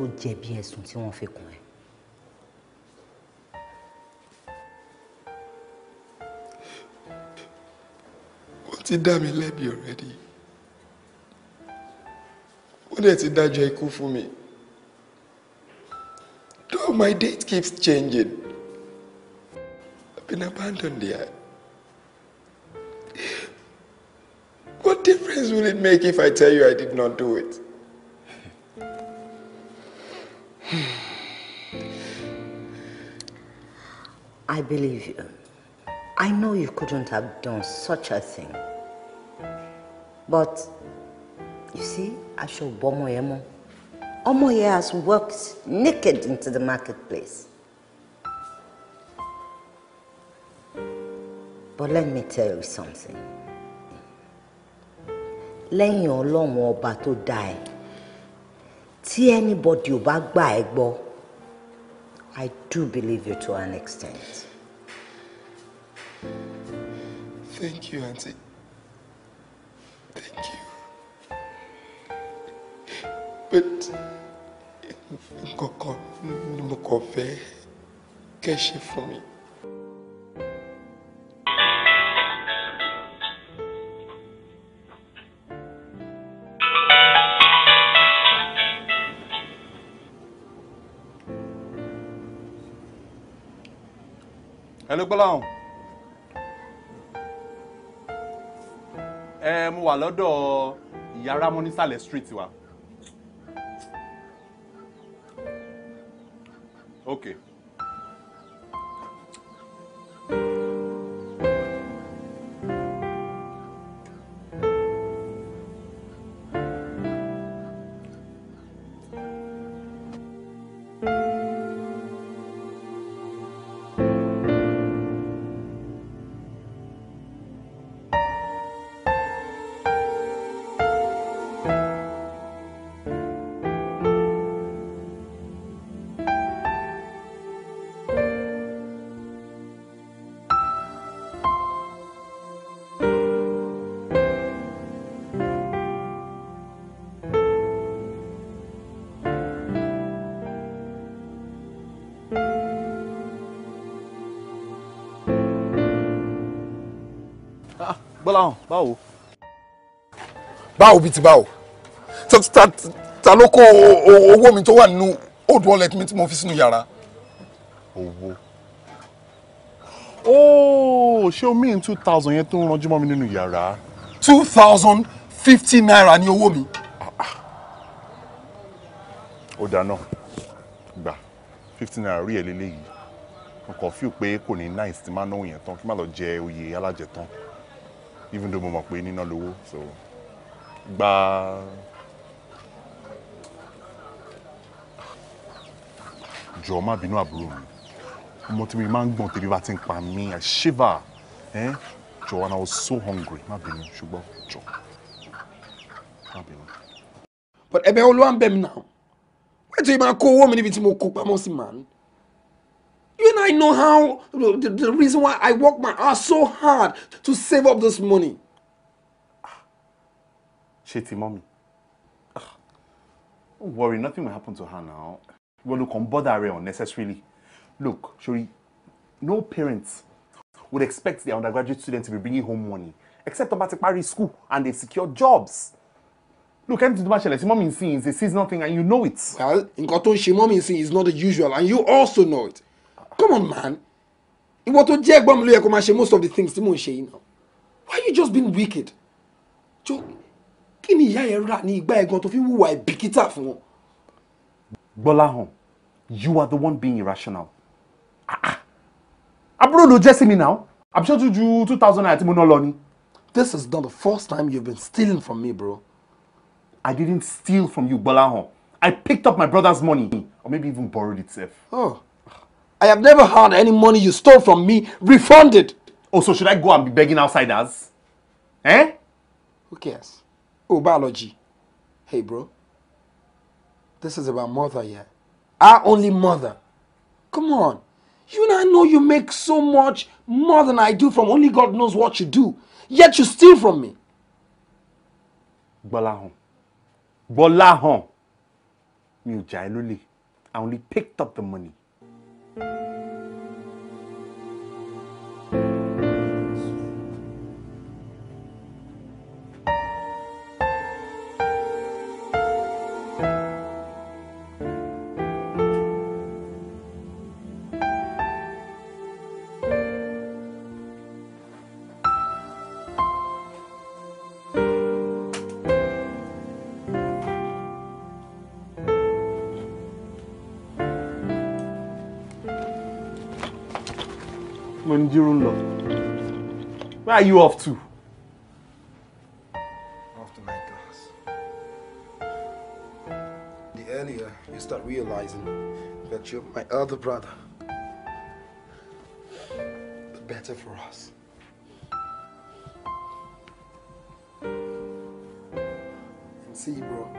ló jẹ̀bi ẹ̀sùn tí wọ́n fi kàn ẹ́. ó ti dá mi lẹ́bi already ó dẹ̀ ti dájọ́ ikú fún mi though my date keeps changing I've been abandoned there. What difference will it make if I tell you I did not do it? I believe you. I know you couldn't have done such a thing. But you see, I Asho Bomoyemo, Omoye has walked naked into the marketplace. But let me tell you something. Lẹ́yìn Ọlọ́run ọba tó dá ẹ tí anybody ò bá gbà ẹ́ gbọ́ I do believe you to an extent. Thank you, auntie. Thank you. But nǹkan kan ni mo kàn fẹ́ kẹ́ fún mi. hello gbọ́láhùn ẹ mo wà lọ́dọ̀ ìyá ramọ́ nísàlẹ̀ street wa ok. Gbọ́láhàn báwo. báwo bíi ti báwo ta ló kó owó mi tó wà nínú old wallet mi tí mo fi sínú yàrá. owó ooo oh, ṣé o mean two thousand yẹn tó ń ranjú mọ́ mi nínú yàrá. two thousand fifty naira ni owó mi. ó dáná gbà fifty naira rí ẹ lélẹ́yìí mo kàn fíù pé kò ní nice tí máa náwó yẹn tán kí má lọ jẹ oyè alájẹ tán even though mo mọ̀ pé níná lówó so gba jọ̀ọ́ má bínú àbúrò mi ọmọ tí mi máa ń gbọ̀n tèmi bá ti ń pa mí I shiver eh? jọ̀ọ́ and I was so hungry má bínú ṣùgbọ́n jọ̀ọ́ má bínú. but ẹ̀bẹ̀ olúwa ń bẹ̀ mí náà wẹ́n tí mo máa kó owó mi níbi tí mo kó pamọ́ sí màá. You and I know how, the, the reason why I work my ass so hard to save up this money. Shitty mommy. Ugh. Don't worry, nothing will happen to her now. Well, look, on bother her unnecessarily. Look, Shuri, no parents would expect their undergraduate students to be bringing home money, except about to Paris school and they secure jobs. Look, anything to ṣẹlẹ̀ sí mọ́mí nsìn is a seasonal thing and you know it. Well, in tó ń mommy mọ́mí nsìn is not the usual and you also know it come on man ìwọ tó jẹ́ ẹ̀gbọ́n mi ló yẹ kó máa ṣe most of the things tí mò ń ṣe yìí náà why you just being wicked jo kí ni ìyá yẹn rà ní ìgbà ẹ̀gàn tó fi wùwà ìbìkítà fún wọn. gbọ́láhàn you are the one being irrational ah, ah. àbúrò ló jẹ́ sí mi náà àbíṣọ́ tó ju two thousand naira tí mo ná lọ ni. this is not the first time you have been stealing from me bro. I didn't steal from you gbọ́láhàn I picked up my brother's money or maybe even borrowed it sef. Oh. I have never had any money you stole from me refunded. Oh, so should I go and be begging outsiders? Eh? Who cares? Oh, biology. Hey, bro. This is about mother here. Our only mother. Come on. You and I know you make so much more than I do from only God knows what you do. Yet you steal from me. Gbọ́láhàn. Gbọ́láhàn. Mi ò jà ẹ́ lólè. I only picked up the money. Thank you. during love. Where are you off to? After my class. The earlier you start realizing that you're my other brother, the better for us. And see, bro,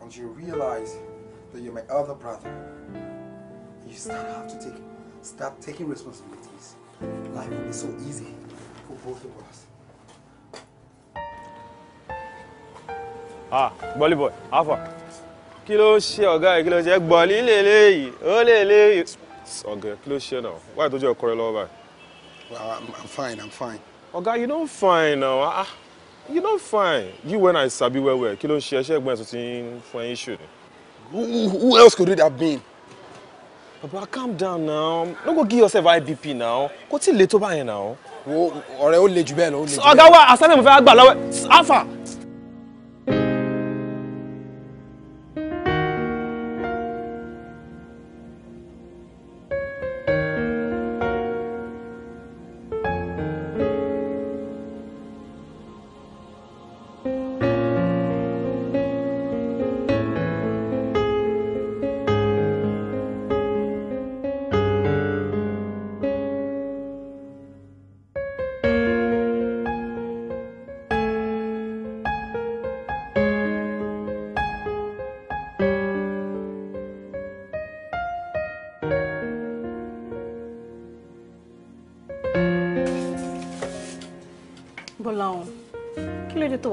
once you realize that you're my other brother, you start have to take start taking responsibilities, life will be so easy for both of us. Ah, Bolly boy, Alpha. Kí ló ṣe ọ̀gá ẹ̀ kí ló ṣe gbọ̀lì lélẹ́yìí ó lélẹ́yìí. Ọ̀gá kí ló ṣe náà? Wáyé tó Well, I'm, I'm fine, I'm fine. Ọ̀gá, you're not fine now. Ah, ah you don fine. You went and sabi well well. Kí ló ṣe ẹṣẹ́ ẹ̀gbọ́n ẹ̀sùn tí ń fún ẹyin ṣù Who else could it have been? Baba, calm down now. No go give yourself IBP now. Kò tí ì le tó báyẹn now. Wo ọ̀rẹ́ ó le jù bẹ́ẹ̀ lọ. Ọ̀gá wa, àṣálẹ̀ mo fẹ́ gbà lọ́wọ́. Alpha,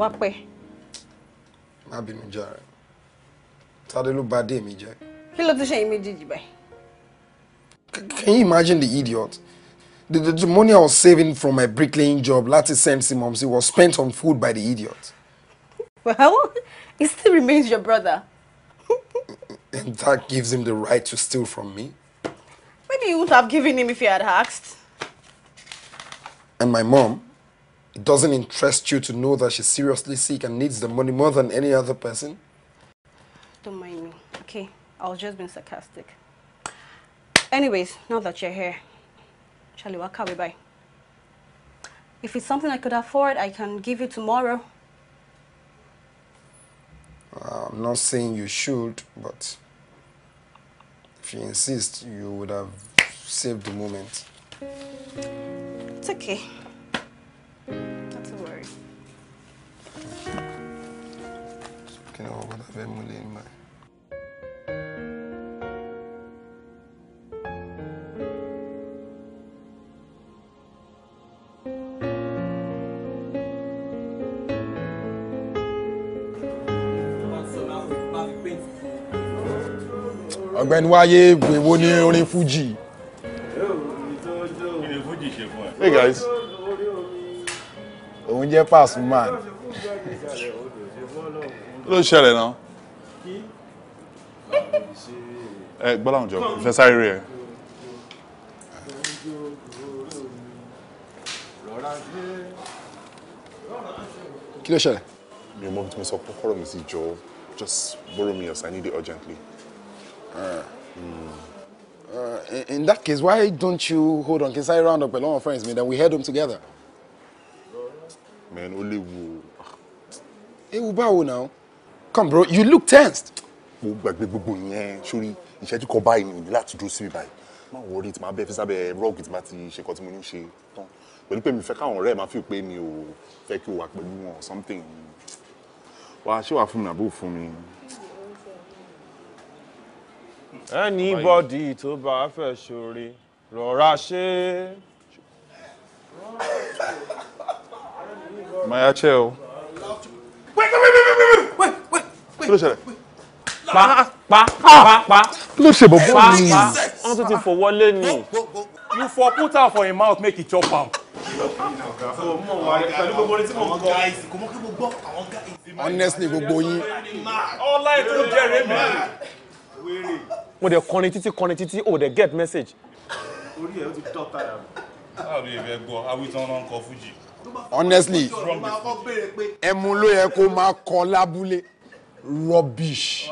wá pẹ́. má bínú jàre tade ló bà dé mi jẹ́. kí ló tún ṣe yín méjèèjì báyìí. can you imagine the idiot? The, the, the money I was saving from my bricklaying job láti send sí Momsi was spent on food by the idiot. Well, he still remains your brother. And that gives him the right to steal from me. Maybe you would have given him if you had asked. And my mom, It doesn't interest you to know that she's seriously sick and needs the money more than any other person? Don't mind me. Okay, I was just being sarcastic. Anyways, now that you're here, Charlie, what can we buy? If it's something I could afford, I can give you tomorrow. Uh, I'm not saying you should, but if you insist, you would have saved the moment. It's okay. fẹ́ múlẹ̀ ní báyìí. ọ̀gbẹ́ni wáyé gbèwó ní orin fújì. hey guys òun jẹ́ man, ló ṣẹlẹ̀ náà. ẹ gbọ́dọ̀ àwùjọ ìfẹ́ sáré rẹ̀. kí ló ṣẹlẹ̀. mi ò mọ bí mo sọ kọ́kọ́ mi sí jọ just borrow me yours i need it urgently. Uh, mm. uh, in, that case why don't you hold on Can I round up pẹ̀lú àwọn friends man? then we head them together. man only léwu Hey, ewu báwo now come bro you look tensed. mo gbàgbé gbogbo Yeah, surely ìṣẹ́jú kan báyìí ní láti dúró síbi báyìí má wọrí tí máa bẹ́ẹ̀ fi sábẹ́ rọ́ọ̀gì tí máa ti ṣe tí mo ní ṣe tán pẹ̀lú pé mi fẹ́ káwọn ọ̀rẹ́ máa fi pé mi ò fẹ́ kí o wà pẹ̀lú wọn something wàá ṣé wàá fún mi àbò fún mi. anybody tó bá fẹ́ ṣoore rọra ṣe é. maya chel. wait wait wait wait wait wait wait. kí ló ṣẹlẹ̀. Ah. Ah. pa pa pa pa. kí ló ṣe bọ̀bọ̀ mi. pa pa wọ́n tún ti fọwọ́ ni. you for put out for him mouth make he chop am. honestly gbogbo yín. ọlá ètò jẹrìí mi. mo dẹ̀ kọrin títí kọrin títí o dẹ̀ get message. orí ẹ̀ ó ti tọ́ tàyà mi. honestly ẹmu ló yẹ kó máa kọ lábúlé rubbish.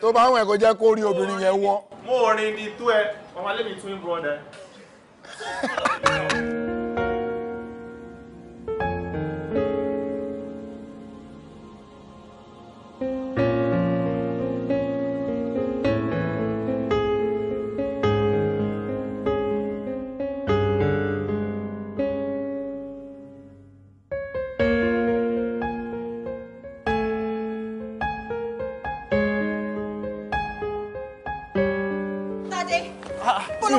tó bá wọn ẹ kó jẹ́ kó rí obìnrin yẹn wọ́n. mo rìn ní tó ẹ ọmọ alẹ́ mi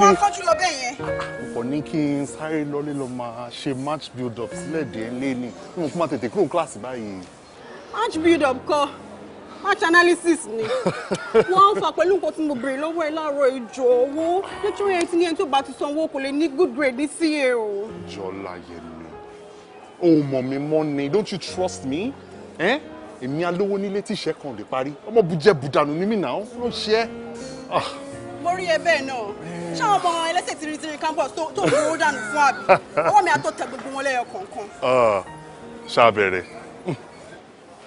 máa kánjú bẹ́ẹ̀ yẹn. mo ní kí n sáré lọlé lọ máa ṣe match build up sílẹ̀ díẹ̀ ńlé ni mo kún máa tètè kúrò kíláàsì báyìí. match build up kọ́ match analysis ni wọ́n ń fa pẹ̀lú nǹkan tí mo béèrè lọ́wọ́ ẹ láàárọ̀ ìjọ owó nítorí ẹni tí ní ẹni tó bá ti sanwó kò lè ní good grade ní ca o. jọlá yẹmi ohun mọ̀ mi mọ́ ni don't you trust me? Eh? èmi alówó nílé tí ìṣẹ́ kan lè parí ọmọ bujẹ́ budanu ní mí náà ó ló ṣe é. Ah. mo rí ẹ bẹ́ẹ̀ náà ṣé àwọn ọmọ ẹlẹ́sẹ̀ kan bọ̀ tó tó dànù fún àbí ọwọ́ mi àtọ́ tẹ gbogbo wọn lẹ́yọ kọ̀ọ̀kan. ṣàbẹ̀rẹ̀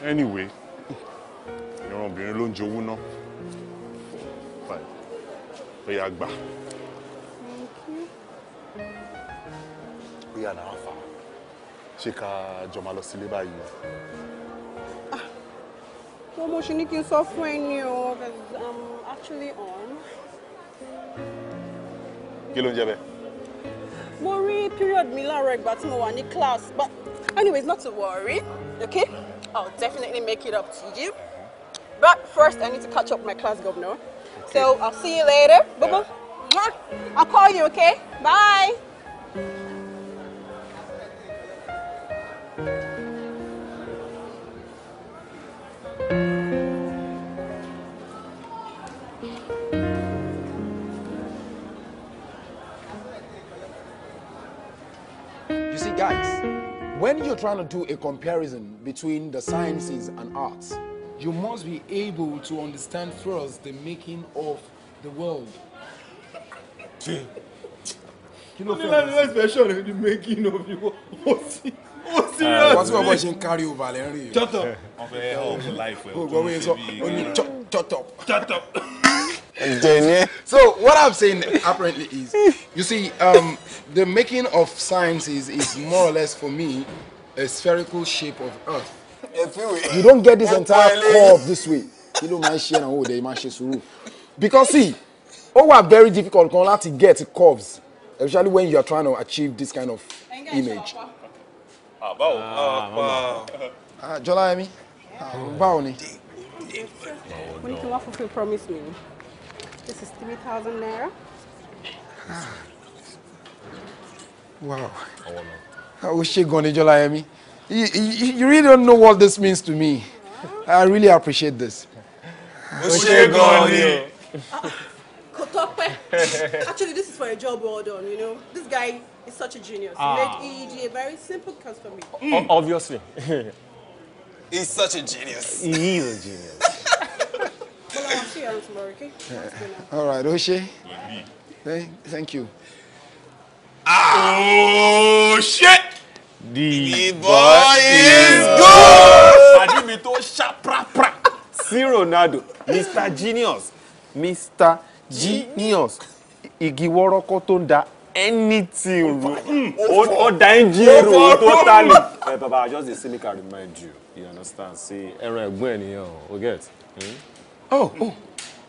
anyway ìran obìnrin ló ń jowú ná ó yà gbà ó yà náà fà ṣé ká jọ máa lọ sílé báyìí o wọ́n ah, mo ṣe ní kí n sọ fún ẹ ní o i'm um, actually on. Um, kí ló ń jẹ bẹ́ẹ̀. mo rí period mi láàárọ̀ ìgbà tí mo wà ní class but anyways not to worry okay I'll definitely make it up to you but first I need to catch up my class governor okay. so I'll see you later bye bye yeah. I'll call you okay bye. Guys, when you're trying to do a comparison between the sciences and arts, you must be able to understand first the making of the world. kí ló fẹ́ wọ́n sí. expression of the making of the world ó sí ó sí rẹ̀. wọ́n sì wọ́n bọ́ ṣe ń carry over lẹ́yìn rí. shut up. wọ́n fẹ́ help life ẹ̀ tó ń ṣe bí. ó ní shut up. shut up. ǹjẹ́ ni ẹ so what I'm saying apparently is, you see, um, the making of science is, is more or less for me a spherical shape of Earth. You don't get this entire curve this way. Because see, ó are very difficult to get curves, especially when you are trying to achieve this kind of image. Ah, Ah, ah, ah. ah Yemi, báwo ni? Mo ní kí wọ́n fún fún promise me. This is 3,000 naira. Wow. Oh, Oshigoni Jolayemi. You really don't know what this means to me. I really appreciate this. Oshigoni. Actually, this is for a job well done, you know. This guy is such a genius. Ah. He made EEG a very simple cause for me. Mm. Obviously. He's such a genius. He is a genius. all right ó ṣe thank you. Oh ah, shit, the boy is good. àdìmí tó ṣàpràprà sí Ronaldo Mr Genius Mr Genius igi wọ́rọ́kọ́ tó da anything Oh, o da engine totally. ẹ eh, baba i just a cynical remind you you understand See, ẹran when you o get. Mm? Oh, oh.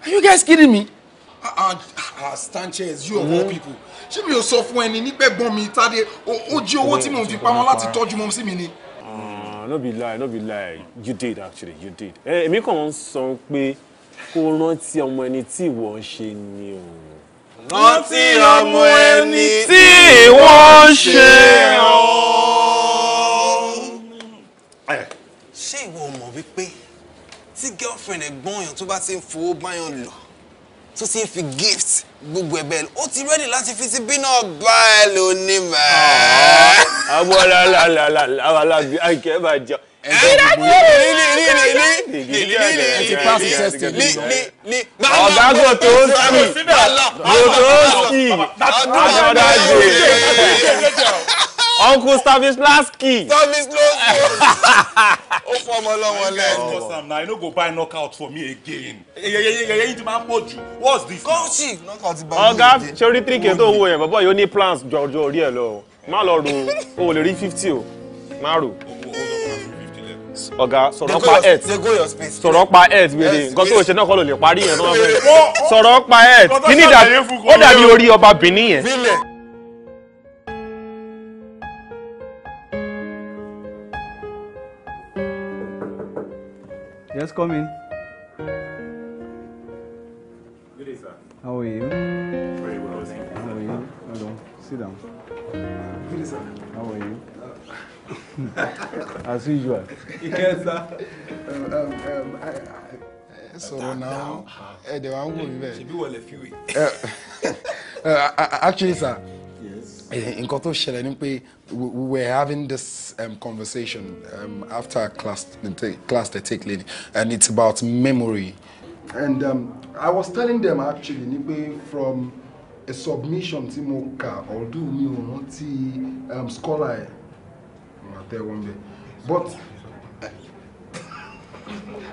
Are you guys kidding me? Ah, uh, ah, ah, ah, Stanchez, you of all people. She be Ṣé mi ò sọ fún ẹni nígbẹ̀gbọ́n mi Tádé ó jí owó you mò ń fi to láti tọ́jú mọ́ sí mi Ah, No be lie, no be lie, you did actually, you did. Eh, me come sọ pé me. rántí ọmọ ẹni tí ìwọ ń ṣe ni o. Rántí ọmọ ẹni tí ìwọ ń ṣe o. Eh. Ṣé ìwọ mọ̀ wípé? tí girlfriend ẹ̀gbọ́n èèyàn tó bá ti ń fowó báyàn lò tó ti ń fi gift gbogbo ẹ̀bẹ̀ ó ti ready láti fi ti bínú ọba ẹ̀ lónìí mẹ́. àwọn alábi àìkẹ́ máa jọ. Ọ̀gágò tó ń sì, mo tó ń sì, ọ̀dọ́dá jè, Uncle Stavislaski. Stavislaski ó fọ ọmọ ọlọ́wọ́ lẹ́nu. i um, no go buy knockout for me again. yẹyẹyẹ yìí ti máa ń pọ̀ jù what's this. kọ́ọ̀sì knockout ti bá mi. ọ̀gá sori three k tó wo yẹn bọ́bọ́ yóò ní plans jọjọ orí ẹ̀ lọ má lọ ro o lè rí fifty o má ro. ọ̀gá sọ̀rọ̀ pa earth sọ̀rọ̀ pa earth wèrè nǹkan tó ṣe náà kọ́ ló lè parí yẹn sọ̀rọ̀ pa earth kí ni ó dàbí orí ọba Benin yẹn. Yes, come in. Good day, sir. How are you? Very well, thank you. How are you? Hello. Sit down. Good day, sir. How are you? As usual. Yes, sir. Um, um, um, I, I, sọ̀rọ̀ náà ẹ̀dẹ̀ wa ń wò mí bẹ́ẹ̀. ṣèbí wọlé fi wí. actually sir. Eh, nǹkan tó ṣẹlẹ̀ ni pé we were having this um, conversation um, after class class they take lady and it's about memory. and um, I was telling them actually ni pé from a submission tí mo kà although mi ò rántí um, scholar ẹ̀ mà tẹ́ wọn bẹ́ẹ̀ but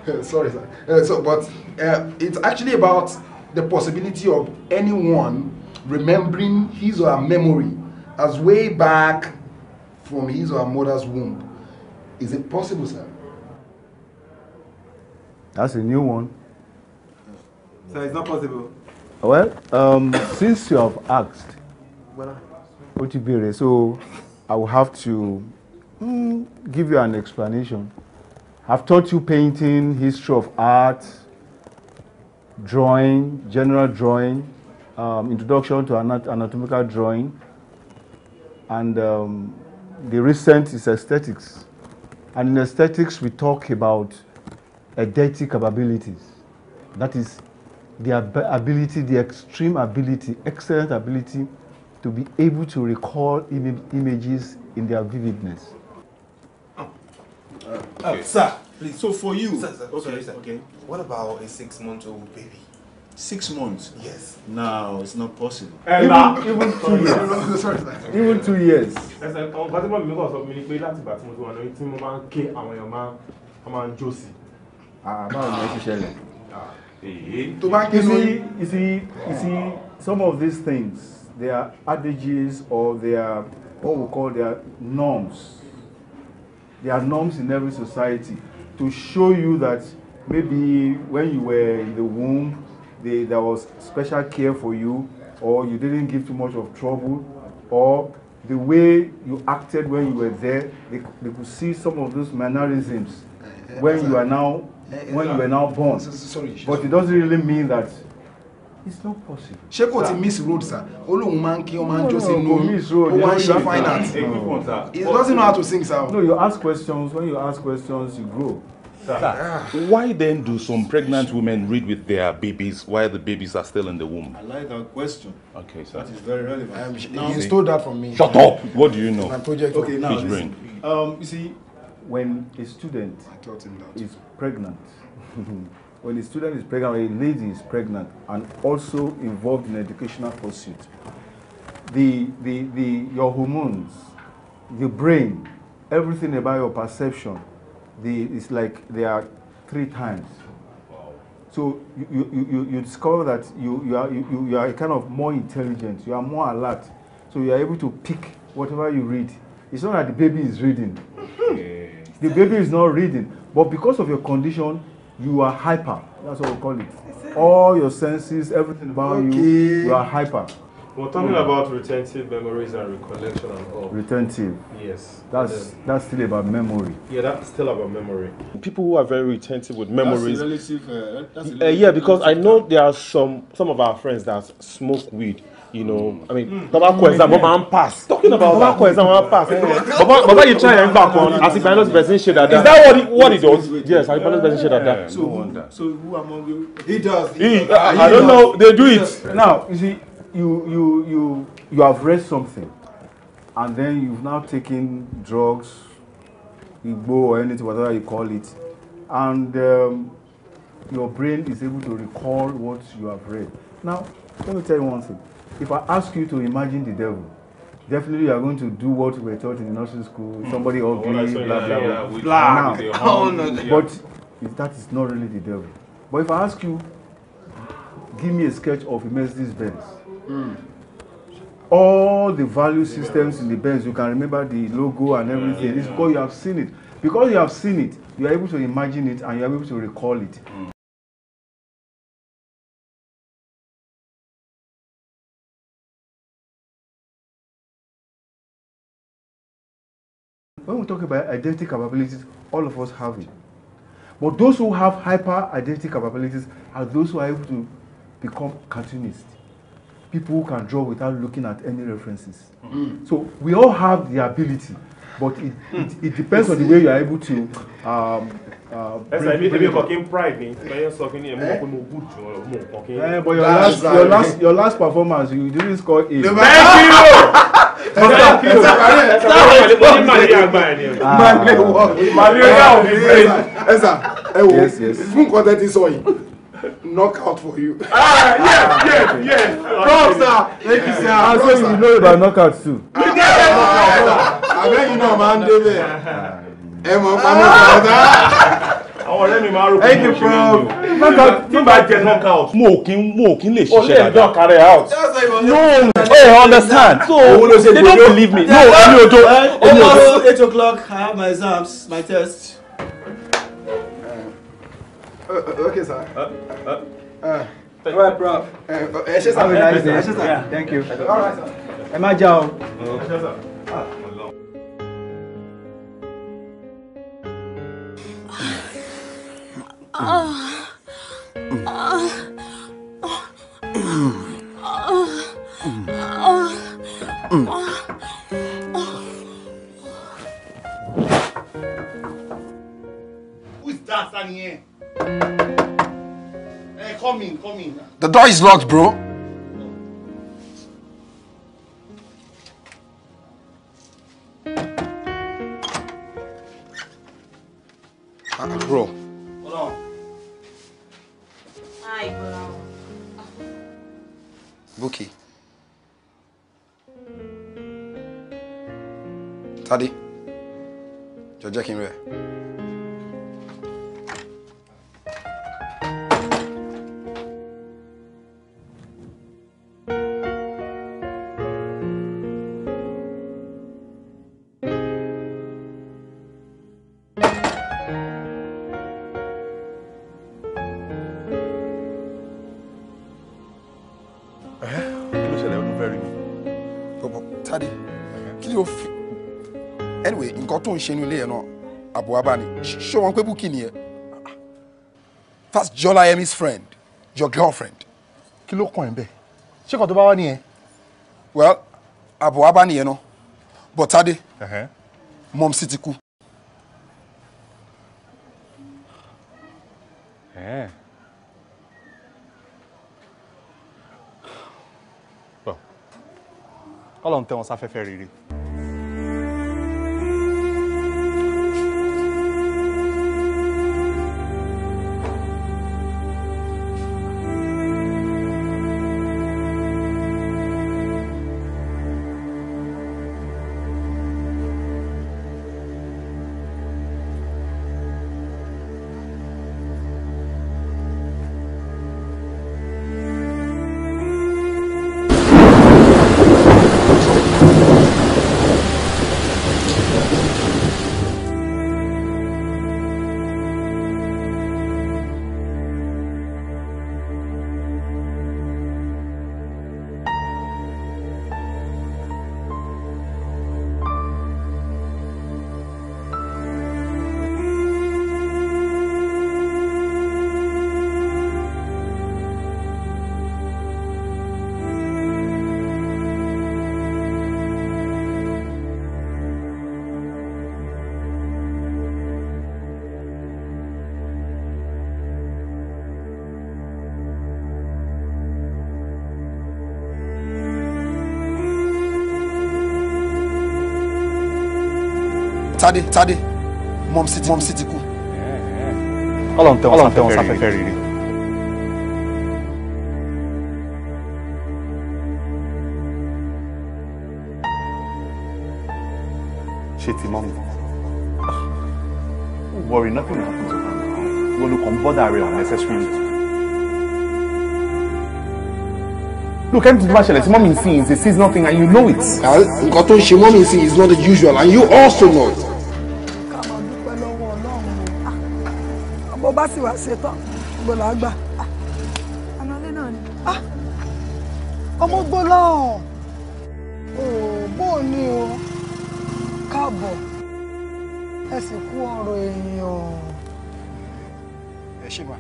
eh, sorry sir eh, so but uh, it's actually about the possibility of anyone remembering his or her memory as way back from his or her mother's womb. Is it possible, sir? That's a new one. So it's not possible. Well, um, since you have asked, Otibere, so I will have to mm, give you an explanation. I've taught you painting, history of art, drawing, general drawing, um, introduction to anat anatomical drawing, and um, the recent is aesthetics. And in aesthetics, we talk about aesthetic capabilities. That is the ab ability, the extreme ability, excellent ability to be able to recall Im images in their vividness. Oh. Uh, okay. uh, sir, please. So for you, sir, sir, okay, sorry, sir. okay. What about a six-month-old baby? Six months? Yes. Now it's not possible. Even, even two years. even two years. Ẹsẹ̀ ọ̀gá tí wọ́n mi kọ̀ sọ mi ni pé láti ìgbà tí mo ti wà lórí tí mo máa ń ké àwọn èèyàn máa ń jó sí. Ah, báwo ni ẹ ti ṣẹlẹ̀? Ah, eh. Tó bá ké sí. You see, you see, some of these things, they are adages or they are what we call their norms. They are norms in every society to show you that maybe when you were in the womb they, there was special care for you, or you didn't give too much of trouble, or the way you acted when you were there, they, they could see some of those mannerisms when you are now when you were now born. but it doesn't really mean that it's not possible. ṣé kò ti miss road sir ó lóun máa ń kí ó máa ń jó sí inú ó wá ṣe fine he doesn't know how to sing sir. no you ask questions when you ask questions you grow. Sir. Why then do some pregnant women read with their babies while the babies are still in the womb? I like that question. Okay, sir. That is very relevant. Um, now, he stole that from me. Shut up! What do you know? My project. Okay, now listen. brain. Um, you see, when a student is pregnant, when a student is pregnant, when a lady is pregnant, and also involved in educational pursuit, the the the your hormones, the brain, everything about your perception they, it's like there are three times. So you, you, you, you discover that you, you, are, you, you are kind of more intelligent, you are more alert, so you are able to pick whatever you read. It's not that the baby is reading. The baby is not reading, but because of your condition, you are hyper. That's what we call it. All your senses, everything about okay. you, you are hyper. We're talking mm. about retentive memories and recollection and all. Retentive. Yes. That's yeah. that's still about memory. Yeah, that's still about memory. People who are very retentive with memories. That's relative. Uh, that's uh, relative uh, yeah, because I know there are some some of our friends that smoke weed. you know hmm. i mean tobacco exam wọn máa ń pass talking about tobacco exam wọn máa ń pass baba baba yìí try ẹgbà kan as if biology person ṣe dada is that what he what he does yes as if biology person ṣe dada. so who so who among you he does he, i don't know they do it. now you see you you you you have read something and then you've now taken drugs igbo or anything whatever you call it and um, your brain is able to recall what you have read now let me tell you one thing if i ask you to imagine the devil definitely you are going to do what we were taught in the nursing school hmm. somebody mm. ugly oh, blah blah yeah, blah, yeah, blah. now oh, no, but if that is not really the devil but if i ask you give me a sketch of Mercedes Benz all the value systems in the Benz, you can remember the logo and everything. It's because you have seen it. Because you have seen it, you are able to imagine it and you are able to recall it. When we talk about identity capabilities, all of us have it. But those who have hyper identity capabilities are those who are able to become cartoonists people who can draw without looking at any references. Mm. So we all have the ability, but it, it, it depends on the way you are able to. Um, uh, bring, bring it. pride ni ẹyẹ sọ kí ni ẹmu mọ pé mo good jù ọ mo but your last your last your last performance you didn't score eight. thank you. sáwọn ìlú ní malaria àgbà ẹ̀ ni. malaria wọ malaria ò knockout for you. ah yes yes yes. props sir thank you sir. ah so you know about knockout too. Ah, I get you know man. n débẹ̀ ẹ mọ̀ I want àwọn ọ̀rẹ́ mi máa rò pé mo ṣe mí o tí knockout. mo ò kí mo ò kí oh, carry out. no hey eh, understand so they don't believe me no èmi ò tó. Eh, almost eight o'clock I have my exams my tests. Uh, okay, sir. Uh, uh. Uh, Thank all right, prof. Uh, ẹ ṣé have a nice day. Yeah. Thank you. All right, sir. Ẹ má jà o. Ẹ ṣé sir. Ah. Who's that, Sanye? Hey, come in, come in. The door is locked, bro. ṣe ní ilé yẹn náà àbúwábá ni ṣé wọn pé búkì nìyẹn that's Jola Yemi's friend your girlfriend. kí ló kàn ẹ́ bẹ́ẹ̀ ṣé kò tó bá wá nìyẹn. well àbúwábá nìyẹn náà but Tade mom sì ti kú. kọ́lọ̀ ń tẹ́ wọn sáfẹ́fẹ́ rere. Tade Tade mọ̀m sí ti mọ̀m sí ti kú. Ọlọ́run tẹ wọn sáfẹ́fẹ́ rere. ṣe ti Don't worry, nothing will happen to her now. Wọ́n ló kàn ń unnecessarily. Look, anything tó bá ṣẹlẹ̀ sí mọ́mí nsìn is a seasonal thing and you know it. Nǹkan tó ń ṣe mọ́mí nsìn is not the usual and you also know it. sì wá ṣe tán gbọ́dọ̀ àgbà. Ah, àná ilé náà ni. Ah, ọmọ gbọ́dọ̀ bó o ní o káàbọ̀ ẹ sì kú ọ̀rọ̀ èèyàn. ẹ ṣe bá.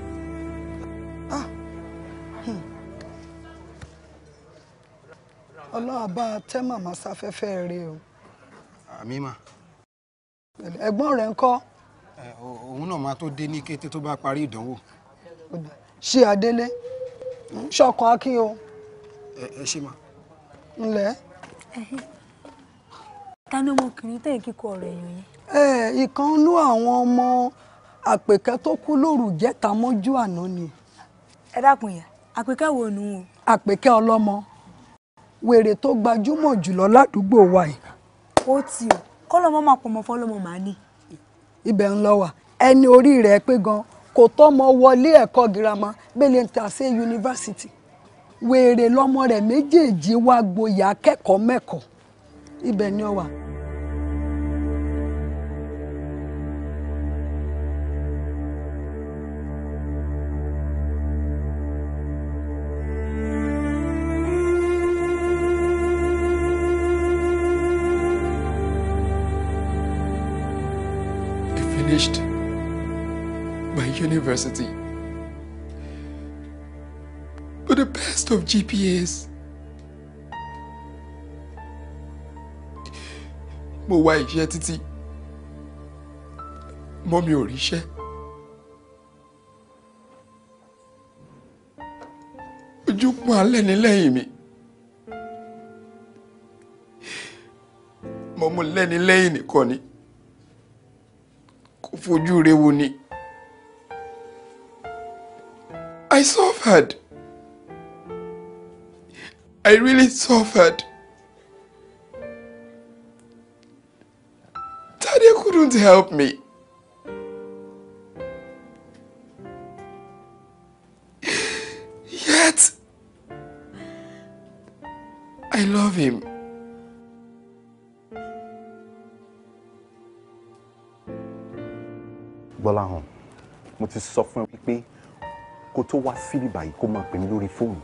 ọlọ́wà bá a tẹ́ màmá sáfẹ́fẹ́ rẹ o. àmì mà. ẹ̀gbọ́n rẹ̀ ń kọ́ òun náà máa tó dé ní kété tó bá parí ìdánwò. ṣé adélé ṣọkan akin o. ẹ ṣe ma. ǹlẹ́. ta ni ọmọkùnrin tẹ̀ kíkọ ọ̀rọ̀ èèyàn yẹn. ẹ ìkan nú àwọn ọmọ àpèkẹ́ tó kú lóru jẹ́ta mọ́jú àná ni. ẹ dákun yẹn àpèkẹ́ wo nù ú. àpèkẹ́ ọlọ́mọ wèrè tó gbajúmọ̀ jùlọ ládùúgbò wa yìí. ó ti o kọ́ lọ́mọ máa pọ̀ mọ́ fọ́lọ́mọ màá ní ibẹ̀ ń lọ wà ẹni orí rẹ̀ pé gan kò tọ́mọ wọlé ẹ̀kọ́ girama bẹ́ẹ̀ ń ta sí yunifásitì wèrè lọ́mọ rẹ̀ méjèèjì wá gboyà kẹ́kọ̀ọ́ mẹ́kọ̀ọ́ ibẹ̀ ni ó wà. finished my university with the best of GPAs. Mo wá iṣẹ́ títí, mọ́ mi ò ríṣẹ́. Ojú pọ́n alẹ́ ní lẹ́yìn mi. Mo mú lẹ́ni lẹ́yìn nìkan ni. Lẹ́yìn, kò fojú rẹ wo ni. I suffered. I really suffered. Tade couldn't help me. Yet, I love him. Gbọ́láhàn mo ti sọ fún ẹ pé kó tó wá síbí báyìí kó máa pè mí lórí fóònù.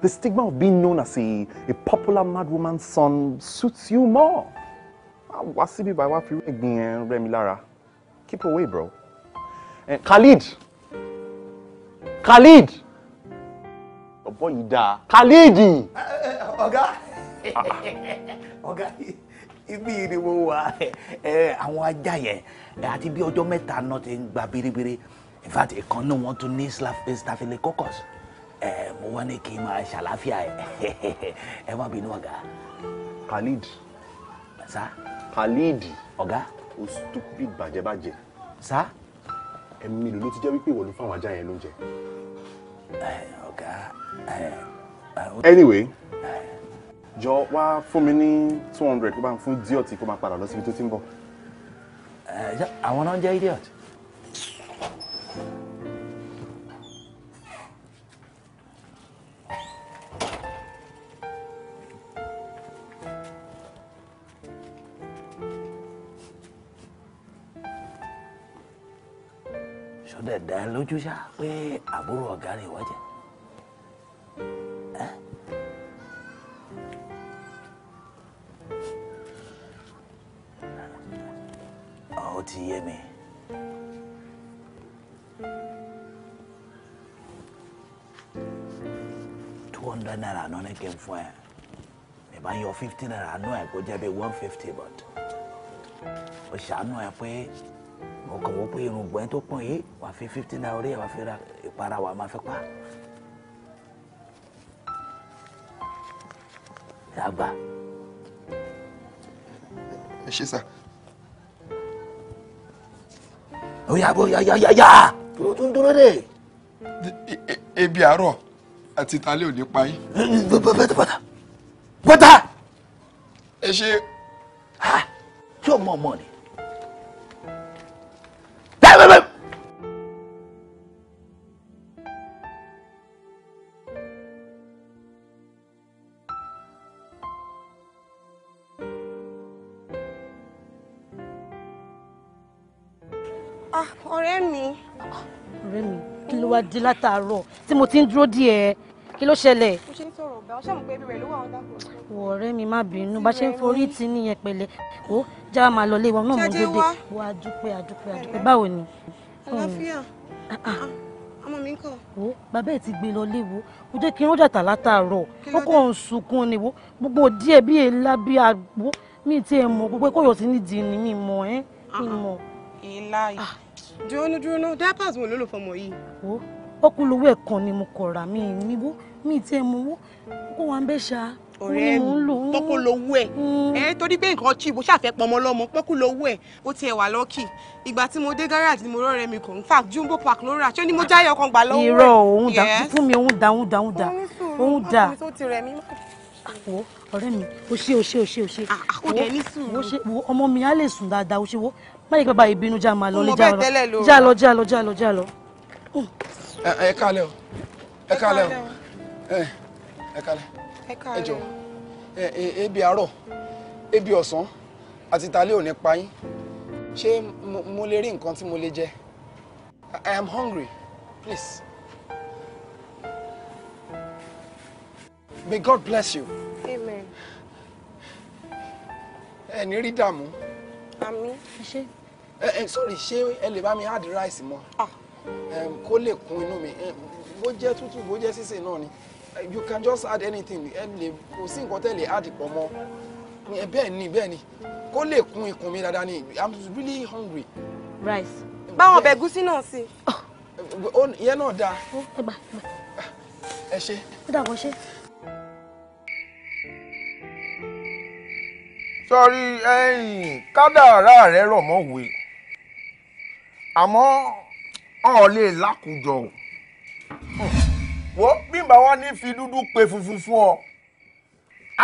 The stigma of being known as a, a popular mad madwoman's son suits you more. Wá síbí báyìí wá fi ẹ̀gbin ẹ̀ rẹ̀ mi lára. Keep away bro. Eh, Khalid Khalid ọ̀bọ yìí dáa Khalid. Eh, eh, eh, ọ̀gá ah, ah. ọ̀gá ibi ni mo wà ẹ àwọn ajá yẹn àti bí ọjọ́ mẹ́ta náà ti ń gba biribiri in fact ìkan náà wọ́n tún ní staphylococcus eh, ẹ mo wá ní kí n máa ṣàlàáfíà ẹ ẹ má bínú ọ̀gá. Khalid. sa. Khalid. ọ̀gá. o stupid bàjẹ́bàjẹ́. sa. ẹ̀mí ló ti jẹ́ wípé ìwọ ló fáwọn ajá yẹn lóúnjẹ. ọ̀gá. anyway. Uh, jọ wá fún mi ní two hundred kó bá ń fún idiot kó máa padà lọ síbi tó ti ń bọ̀. Eh, àwọn náà jẹ́ idiot. sọdẹ̀ dá lójú ṣá pé àbúrò ọ̀gá rẹ̀ wọ́n jẹ́. kí n fún ẹ mi bá yọ fifty naira àánú ẹ kó jẹ́ bí one fifty but ó ṣàánú ẹ pé mo kàn wọ́n pé irun gbọ́n tó pọ̀ yìí wà á fi fifty naira orí ẹ̀ wà á fi ra ìpara wà á máa fi pa. dàgbà. ẹ ṣe sá. ó yá bó yá yá yá dúró dúró dé. ebi àárọ̀ àti ìtàlẹ́ ò ní pa yín. bọ́tà bọ́tà bọ́tà. ẹ ṣe. tí ọmọ ọmọ ni dé látàárọ̀ tí mo ti ń dúró díẹ̀ kí ló ṣẹlẹ̀. mo ṣe ń sọ̀rọ̀ ọ̀gá ọ̀ṣẹ́ mi pé ibi rẹ̀ ló wà ọ̀dà kò. wọ ọ̀rẹ́ mi má bínú bá ṣe ń forí tì níyẹn pẹ̀lẹ́ kó já máa lọ lé wọn náà mo dédé wà á dúpẹ́ àdúpẹ́ àdúpẹ́ báwo ni. àlàáfíà hmm. ah, ah. Ah, ọmọ mi ń kọ. wo bàbá ẹ ti gbé lọ léwo o jẹ́ kí n rọ́jà tà látàárọ̀ ó kàn ń sunkún ni wo gbogbo díẹ̀ bí èélá bí àgbo mi ti ẹ̀ mọ̀ pé kò yọ̀ sí nídìí ni mi mọ̀ ẹ́ mi mọ̀ dúró ná dúró ná diapers wo ló lò fọmọ yìí. o ọkùnrin lówó ẹ̀ kan ni mo kọ̀ rà mí níwó mi ti ẹ̀ mú wó kó wa ń bẹ́ ṣá. ọ̀rẹ́ mi pọ́kú lówó ẹ̀ mm. ẹ̀ torí pé nǹkan chi bó ṣàfẹ́ pọmọ lọ́mọ pọ́kú lówó ẹ̀ ó tiẹ̀ wà lọ́kì ìgbà tí mo dé gáràjì ni mo rọ́ọ̀rẹ́ mi kàn fà jumbo park ló rà ṣé ni mo jáyọ̀ kan gbà lọ́wọ́ rẹ̀. irọ́ òun dà fún mi òun dà òun dà òun dà òun dà ọ̀rẹ́ mi o ṣe o ṣe o ṣe o ṣe. àkójẹ ah, ah, ní sùn. wo ṣe wo ọmọ mi á lè sùn dáadáa o ṣe wo má yẹ kí bàbá ìbínú já máa lọ lé já lọ já lọ já lọ já lọ já lọ. ẹ kálẹ́ o ẹ kálẹ́ o ẹ kálẹ́ ẹ jọ ebi àárọ̀ ebi ọ̀sán àti talẹ́ òní pa ṣé mo lè rí nǹkan tí mo lè jẹ I am hungry please may God bless you. Amen. Ẹ ní rí dààmú. Àmín. Ṣé. Ẹ ẹ sọ̀rọ̀ ṣé ẹ lè bá mi add rice mọ́? Ah. Kó lè kún inú mi. Bó jẹ́ tútù bó jẹ́ sísè náà ni. You can just add anything. Ẹ lè kò sí nǹkan tẹ́ lè add pọ̀ mọ́. Bẹ́ẹ̀ ni bẹ́ẹ̀ ni. Kó lè kún ikùn mi dáadáa ni. I'm really hungry. Rice. Báwọn ọbẹ̀ ẹ̀gúsí náà sí. Ìyẹn náà dáa. Ẹ gbà. Ẹ ṣe. Ó dàgbọ́ ṣe. sọrí ẹ̀yìn kádàrá rẹ̀ rọ̀ mọ́ òwe àmọ́ ọ̀ lè lákùjọ o wo bí n bá wá ní fi dúdú pe funfun fún ọ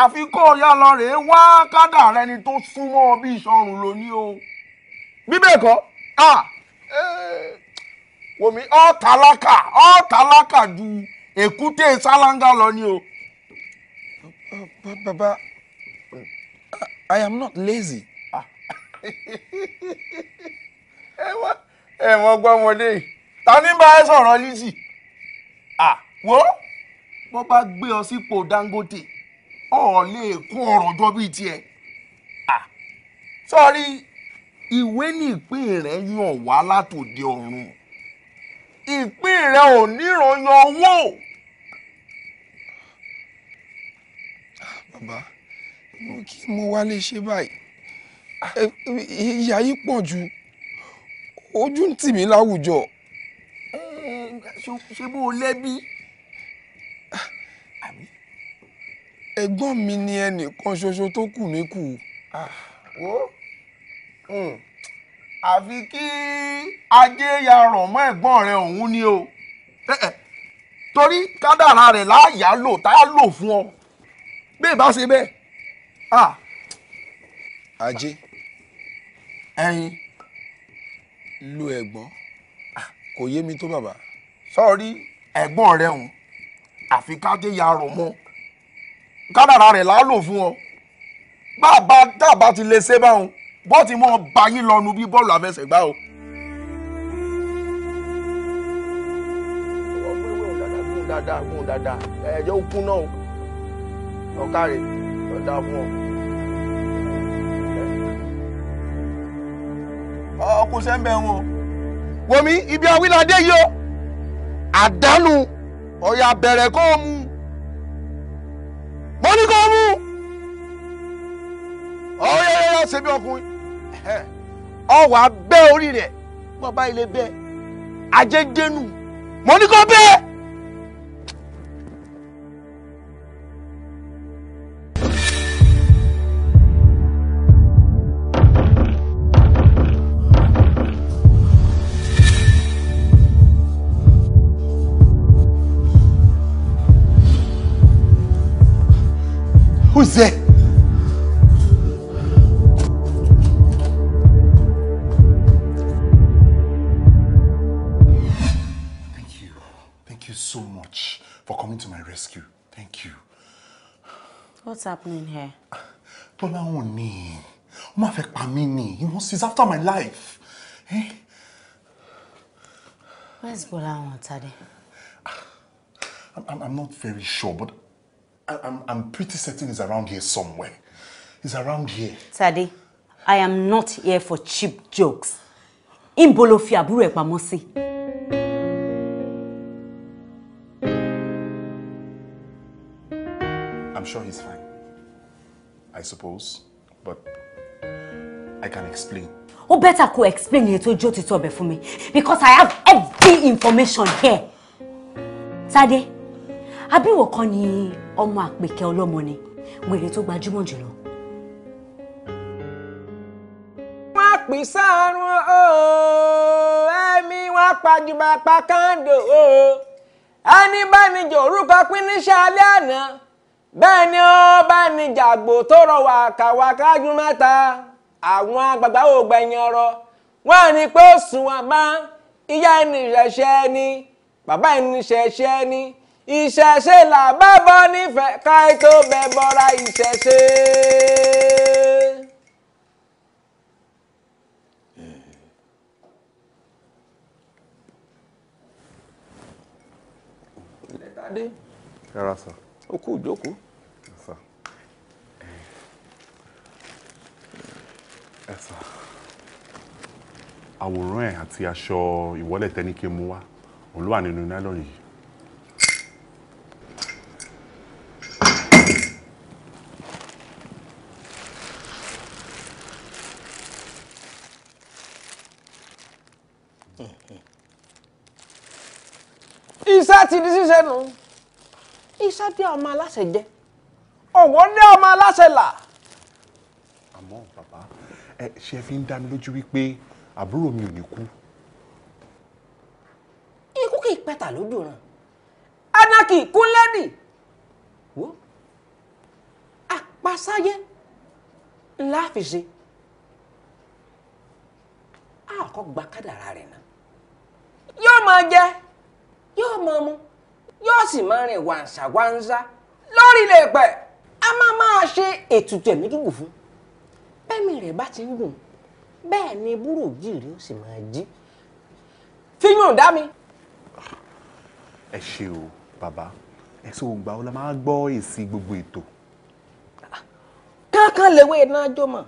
àfi kó o yá lọ rèé wá kádàrá ẹni tó súnmọ́ ọ bí ìṣọ̀rùn lóní o bí bẹ́ẹ̀ kọ́ a wòmí ọ̀ tálákà ọ̀ tálákà ju èkúté sálángà lọ ni o. bàbá. I am not lazy. Ah. ẹ mọ gbọ́ ọmọdé ta ni bá ẹ sọ̀rọ̀ Lizzy ah, wo bó bá gbé ọ sípò Dangote ọ lè kún ọ̀rọ̀ jọ bíi tiẹ̀ ah. sọ́ọ́rí ìwé ní ìpín rẹ̀ yàn wá látòde ọ̀run ìpín rẹ̀ ò nírànyàn owó. bàbá kí mo wá lè ṣe báyìí ìyà yìí pọ̀ jù ojú ń tì mí láwùjọ. ṣé bó o lẹ́bí. ẹ̀gbọ́n mi ni ẹnìkan ṣoṣo tó kù níkù. wo hmm, àfi kí ajé ya rọ̀ mọ́ ẹ̀gbọ́n rẹ ọ̀hún ni o torí kádàrá rẹ̀ láàyà lò tá a lò fún ọ bí ìbá ṣe bẹ́ẹ̀ ajé ẹyin lu ẹ̀gbọ́n kò yé mi tó bàbá. sọ́ọ̀rí ẹ̀gbọ́n rẹ̀ hùn àfi kájé ya rò mọ́ kádàrà rẹ̀ là á lò fún ọ bàbá dàbà ti lè ṣe báwọn bọ́ ti mọ́ bayín lọ́nu bí bọ́ọ̀lù àfẹsẹ̀gbá o. dáadáa kún dáadáa ẹ̀jẹ̀ ó kún náà ọ̀ká ọ̀dà fún ọ. ọkùnrin sẹ́ńbẹ̀ ń wò. wòmí ibi awíládé yìí o àdánù ọ̀yà bẹ̀rẹ̀ kó o mú mo ní kó o ọ̀yà yẹn ṣe ọkùnrin ọwà bẹ́ orí rẹ̀ bọ́ba ilé bẹ́ẹ̀ ajẹ́jẹ́nu mo ní kó bẹ́ẹ̀. happening here? Tọ́lá ò ní. Ó máa fẹ́ pa mí ni. He wants after my life. Eh? Where's Bola Wantade? I'm, I'm not very sure, but I'm, I'm pretty certain he's around here somewhere. He's around here. Tade, I am not here for cheap jokes. Ibo lo fi àbúrò I'm sure he's fine. I suppose, but I can explain. Who better kó explain it to jó títọ́ ọbẹ̀ fún because I have every information here. Sade, abíwò kan ni ọmọ àpèkẹ́ ọlọ́mọ ni, wèrè tó gbajúmọ̀ jùlọ. Wọ́n á pín sáárùn ooo, ẹ̀mí wọn á pàjùbà pa kándò ooo, ẹni bá ní jòrúkọ pín níṣẹ́ alẹ́ àná. bẹ́ẹ̀ ni ó bá ní jàgbó tó rọwà wàkàwàkà kájú mẹ́ta àwọn àgbàgbà ò gbẹ̀yìn ọ̀rọ̀ wọ́n ní pé ó sùn wọn bá ìyá ẹni ìṣẹ̀ṣẹ̀ ni bàbá ẹni ìṣẹ̀ṣẹ̀ ẹni ìṣẹ̀ṣe là bá bọ́ nífẹ̀ẹ́ ká tó bẹ bọ́ra ìṣẹ̀ṣe. Gracias. ó kú ìjókòó. ẹ̀sà àwòrán ẹ̀ àti aṣọ ìwọ́lẹ̀ tẹ́ni kí n mú wá òun ló wà nínú nylon yìí. iṣẹ́ ti di ṣíṣe nù. Isa dé ọmọ aláṣẹ jẹ ọ̀wọ́n dé ọmọ aláṣẹ là. àmọ́ bàbá ẹ ṣe fi ń dá mi lójú wípé àbúrò mi ò ní kú. ikú kì í pẹ́ta lójú ràn anaki kúnlẹ́dì wo àpasáyé ńlá fi ṣe àkọ́ gba kádàrá rẹ̀ náà yóò máa jẹ yóò máa mu yóò sì máa rìn wàǹsàwàǹsà lórí ilé a máa máa ṣe ètùtù ẹ̀mí gígùn fún bẹ́ẹ̀mì rẹ̀ bá ti ń gùn bẹ́ẹ̀ ni búròjì rẹ̀ ó sì máa jí fíyùn dá mi. ẹ ṣe o bàbá ẹ sọ ògbà wo la máa gbọ́ èsì gbogbo ètò. kankan lèwe iná jọmọ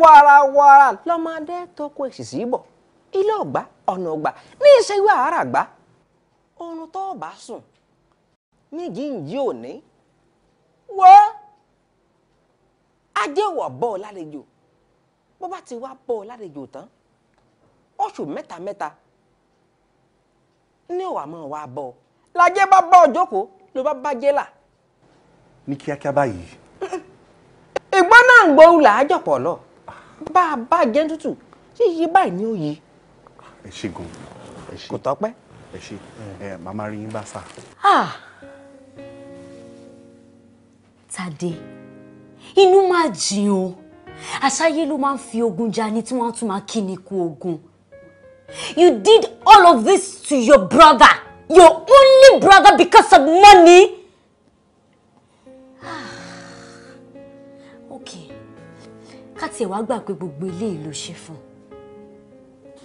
warawara lọmọdé tó kó èsì sí bọ ilé ọgbà ọ̀nà ọgbà ní ìṣẹ́yìn àárà gbà oorun tó bá sùn níjì ń jí òní wọ ajéwọ̀ bọ́ ọ lálejò bó bá ti wá bọ́ ọ lálejò tán oṣù mẹ́ta mẹ́ta ní òwà mọ́ wa bọ́ ọ lajẹ́ bá bá ọ jókòó ló bá bàjẹ́ là. ní kíákíá báyìí. ìgbọ́n náà ń gbóhùn làájọpọ̀ lọ bá a bá jẹ́ tútù yíyí báyìí ni ó yí. ẹ ṣe gan. kò tọ́pẹ́ ẹ ṣe mm. ẹ màmá rí yín bá sà. Ah! Tade inú máa jìn o àṣàyè ló máa ń fi ogun jani tí wọ́n tún máa kí ni kú ogun you did all of this to your brother your only brother because of money. Ah, okay ká tiẹ̀ wá gbà pé gbogbo eléyìí ló ṣe fún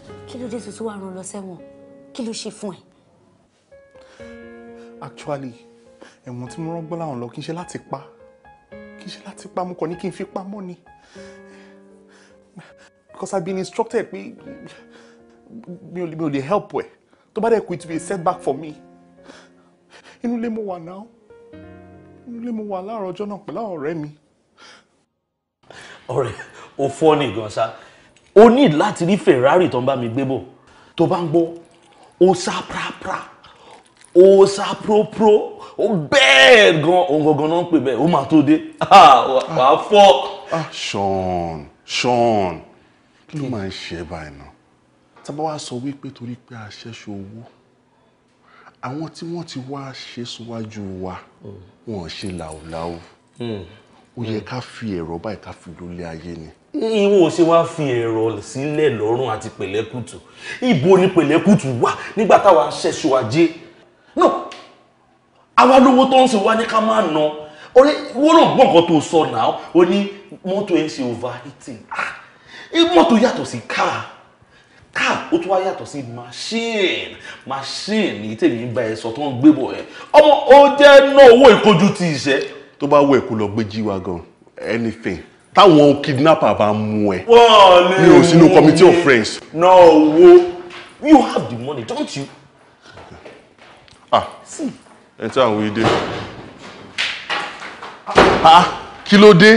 un kí ló dé tuntun wàá rán lọ sẹ́wọ̀n kí ló ṣe fún ẹ. actually ẹ̀wọ̀n tí mo rán gbọ́ láwọn lọ kí n ṣe láti pa kí n ṣe láti pa mo kàn ní kí n fi pamọ́ ni because I've been instructed pé mi ò lè help ẹ tó bá dẹ̀ kú it be a setback for me inú ilé mo wà náà inú ilé mo wà láàárọ̀ ọjọ́ náà pẹ̀lú àwọn ọ̀rẹ́ mi. ọ̀rẹ́ o fọ́ ni gan sa o ní láti rí Ferrari tó ń bá mi gbé bọ̀ tó bá ń gbọ́ ọ̀sà prapra ọ̀sà propro ó bẹ́ẹ̀ gan òun gangan náà ń pè bẹ́ẹ̀ ó máa tó dé wàá fọ́. Ah, Sean Sean kí ló máa ń ṣe ẹ báyìí náà tábà wá sọ wípé torí pé a ṣẹ́ṣọ owó àwọn tí wọ́n ti wá ṣe síwájú wa mm. wọn ṣe làwùlàwù mm. ó yẹ mm. ká fi ẹ̀rọ báyìí ká fi lólé ayé ni ìwọ ṣe wá fi ẹ̀rọ sílẹ̀ lọ́rùn àti pẹ̀lẹ́kùtù ibo ni pẹ̀lẹ́kùtù wà nígbà táwa ń ṣẹ̀ṣọ́ ajé no àwa lówó tó ń ṣe wá ní ká máa ná orí wọ́n náà gbọ́ nǹkan tó sọ náà ó ní mọ́tò ẹ̀ ń ṣe overheating ah mọ́tò yàtọ̀ sí káà káà ó tún wá yàtọ̀ sí machine machine ní tèmi ń bá ẹ sọ tó ń gbé bọ̀ ẹ ọmọ ó jẹ́ náà owó ìkojú ti iṣẹ́ tó bá wọ ẹ̀kú lọ gbé jíwa gan anything táwọn kidnapper bá mú ẹ mi ò sínú committee of friends. no wo you have the money don't you. ah See. ẹ tí we ìdè ah kí ló dé.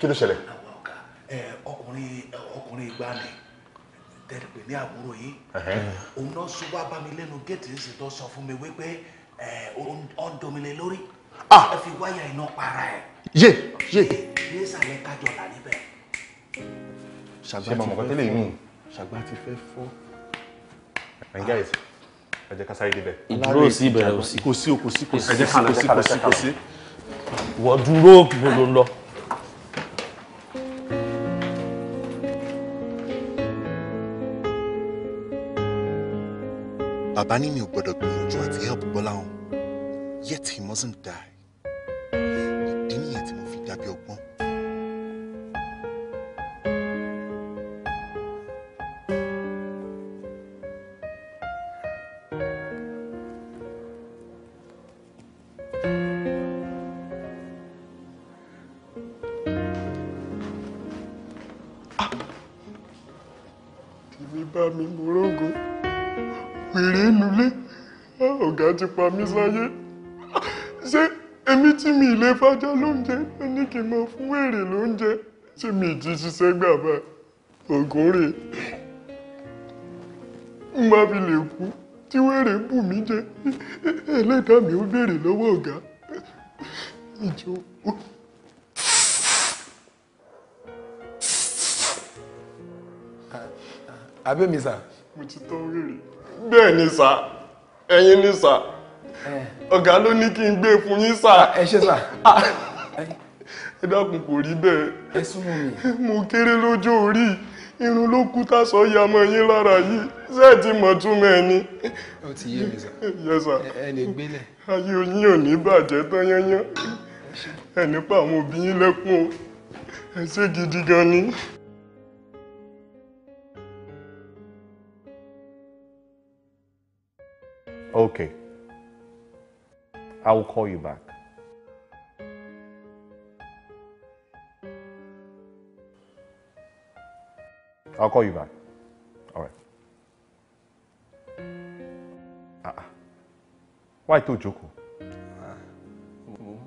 kí ló ṣẹlẹ̀. ọkùnrin ọkùnrin ìgbàanì tẹ́lẹ̀ pé ní àbúrò yìí òun náà sọ wá bá mi lẹ́nu géètì ń sì tó sọ fún mi wípé ó ń domi lé lórí. Ah. ẹ fi wáyà iná para ẹ. yé yé. ní ìsàlẹ̀ kájọ là níbẹ̀. ṣé màmá kan tẹ́lẹ̀ yìí ṣàgbá ti fẹ́ fọ́. and guys ẹ jẹ́ ká sáré débẹ̀. ìdúró sí ìbẹ̀rẹ̀ òsì. kò sí kò sí kò sí kò sí kò sí kò sí. wọ́n dúró bó ló ń lọ. Bàbá ní mi ò gbọ́dọ̀ gbìyànjú àti help Bọ́láhàn yet he mustn't die. pa mí sáyé ṣé èmi tí mi ilé fájá lóúnjẹ ló ní kí n máa fún èrè lóúnjẹ tí mi ti ṣiṣẹ́ gbà bá ògùn rè n má fi lè kú tí wèrè bù mí jẹ ẹlẹ́dàá mi ó béèrè lọ́wọ́ ọ̀gá ìjọ. abẹ́mi sà. mo ti tọ́ wèrè. bẹ́ẹ̀ ni sà ẹ̀yin ni sà. Eh. ọ̀gá ló ní kí n gbé fún yín sà. Eh, ẹ ṣe sà. Ah. Eh. ẹ dákun kò rí bẹ́ẹ̀. ẹ súnmọ́ mi. mo kéré lọ́jọ́ orí irun ló kú tásọ ya mọ yín lára yìí ṣé ti mọ̀ túmọ̀ ẹ ni. ó ti yé mi sà. yẹ sà. ẹ lè gbélé. ayé oyún ò ní bàjẹ́ tán yányán ẹ nípa àwọn òbí yín lẹ́kùn, o ẹ ṣe gidi gan ni. okay I will call you back. I'll call you back. All right. Ah, uh, why tó jókòó?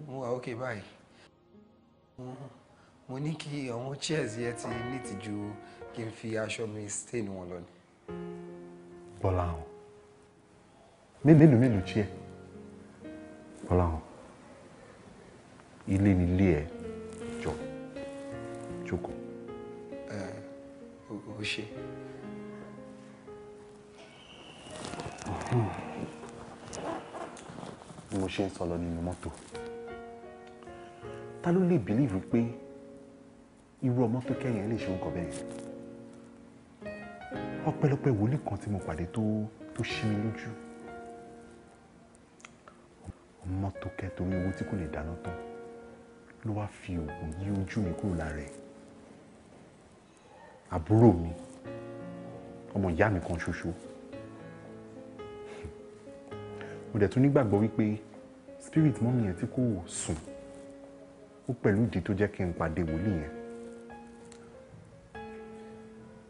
Mo wà ókè báyìí. Mo ní kí àwọn chairs yẹn ti ní ìtìjú kí n fi aṣọ mi stain wọn Me me me me Mélòó mélòó chair? Ọláhàn ilé nílé ẹ jọ jókòó. ẹ o ṣe. bí mo ṣe ń sọ lọ nínú mọ́tò ta ló lè bìlíìfù pé irú ọmọ tó kẹ́yìn lè mọ́tókẹ́ torí owó tí kò lè dáná tán ló wá fi oògùn yí ojú mi kúrò lára ẹ̀ àbúrò mi ọmọ ìyá mi kan ṣoṣo mo dẹ̀ tún nígbàgbọ́ wípé spirit mọ́mí yẹn tí kò sùn ó pẹ̀lú ìdí tó jẹ́ kí n pàdé wòlíì yẹn.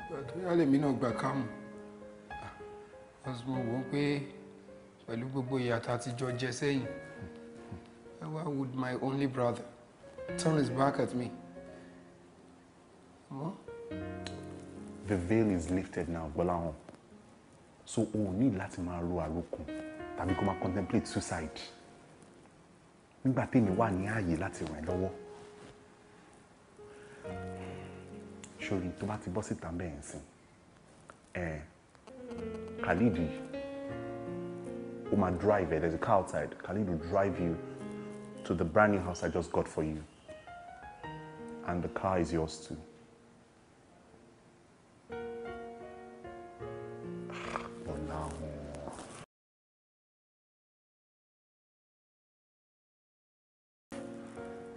gbàdúrà lèmi náà gbà kámù ọ̀sùn ah, mo wò pé pẹ̀lú gbogbo ìyàtọ̀ àtijọ́ jẹ sẹ́yìn why would my only brother turn his back at me? Huh? The veil is lifted now, Gbọ́láhàn. So o ò ní láti máa ro àrokàn tàbí kó máa contemplate suicide. Nígbà tèmi wà ní ààyè láti ràn ẹ́ lọ́wọ́. Ṣòrí tó bá ti bọ́ síta bẹ́ẹ̀ ń sìn. Khalid yìí ó máa drive ẹ there's a car outside Khalid will drive you to the brand new house I just got for you and the car is yours too.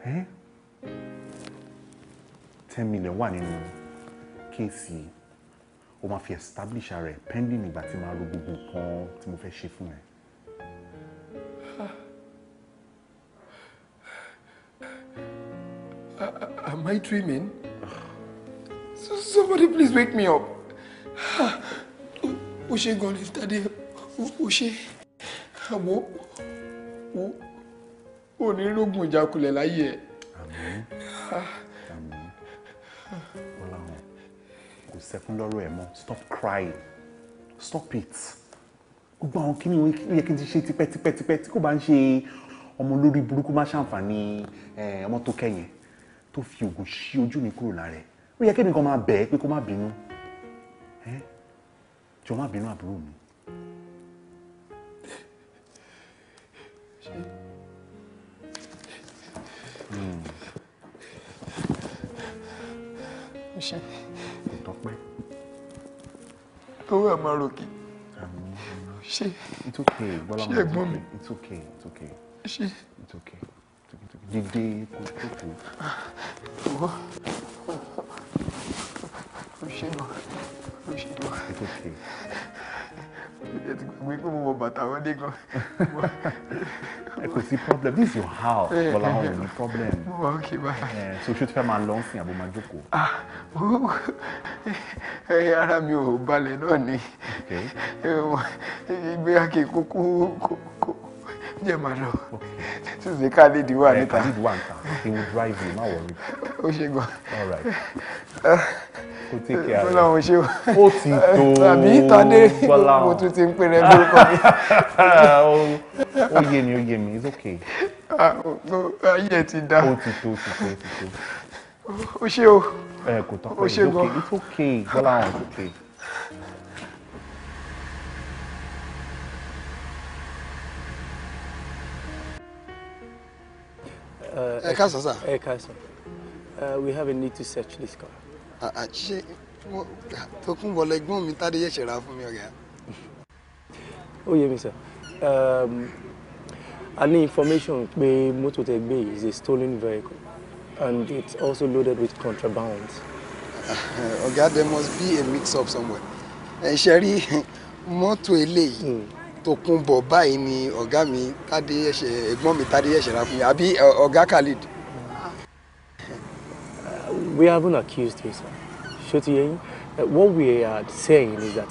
Eh? ten million wà nínú kéèsì o máa fi establish ara ẹ pending ìgbà tí màá ro gbogbo nǹkan tí mo fẹ́ ṣe fún ẹ. Am I dreaming? So somebody please wake me up. Ushe gan ni tade. Ushe. Wo. Wo. O ní rogun ìjákulẹ̀ láyé ẹ̀. Amen. Àmín. Ọláhun, kò sẹ́kún lọ́rọ̀ ẹ̀ Stop crying. Stop it gbogbo àwọn kìíní ó yẹ kí n ti ṣe tipẹ́tipẹ́tipẹ́ tí kò bá ń ṣe ọmọ olórí burúkú má ṣàǹfààní ọmọ tó kẹ́yìn tó fi oògùn ṣí ojú mi kúrò lára ẹ̀ ó yẹ kí nìkan máa bẹ̀ ẹ́ pé kó má bínú jọ má bínú àbúrò mi. ọ̀sẹ̀. Hmm. ìtọ́pẹ́. owó ẹ̀ máa ròkè ṣe ṣe ẹ̀gbọ́n mi ṣe dídé kókó. ìwọ ó ṣe lọ ó ṣe lọ ètò gbé mo wọ bàtà wọn dé gan. ẹ kò sí problem this is your house eh. Bọ́láhàn ò ní problem. mo wà ókè báyìí. so ṣé o ti fẹ́ máa lọ sí àbò máa jókòó. Ah, eh, ara mi ò balẹ̀ náà ni ìgbéyàwó kò kú kò kò. Yeah, man. jẹ́ máa lọ ṣùgbọ́n Khalid wà eh, níta Khalid one níta he will drive you má worry. ó ṣe gan. all right kò tí kí a rẹ Ọlọ́run ṣe ó ti today. tàbí ìtàdé mo tún ti ń pè rẹ lórúkọ mi. ó yé mi it's okay. Ah, ayé ẹ ti dá. ó ti tó ó ti tó ó ti tó. ó ṣe o. ẹ eh, kò it's okay it's it's okay. ẹ ká sọ sá. ẹ ká sọ we have a need to search this car. ṣé Tókunbọ̀lé ẹ̀gbọ́n mi tádé yẹ̀ṣẹ̀ ra fún mi ọ̀gá. ó yé mi sir a ní information pé mọ́tò tẹ gbé is a stolen vehicle and it's also loaded with contraband. ọ̀gá there must be a mix up somewhere. ẹ ṣe rí mọ́tò eléyìí. Hmm. Tókunbọ̀ báyìí ni ọ̀gá mi Tádé ẹ̀ṣẹ̀ ẹ̀gbọ́n mi Tádé ẹ̀ṣẹ̀ ra fún mi àbí ọ̀gá Khalid. Uh, we haven't accused you, sir. Shotiyeyin, uh, what we are saying is that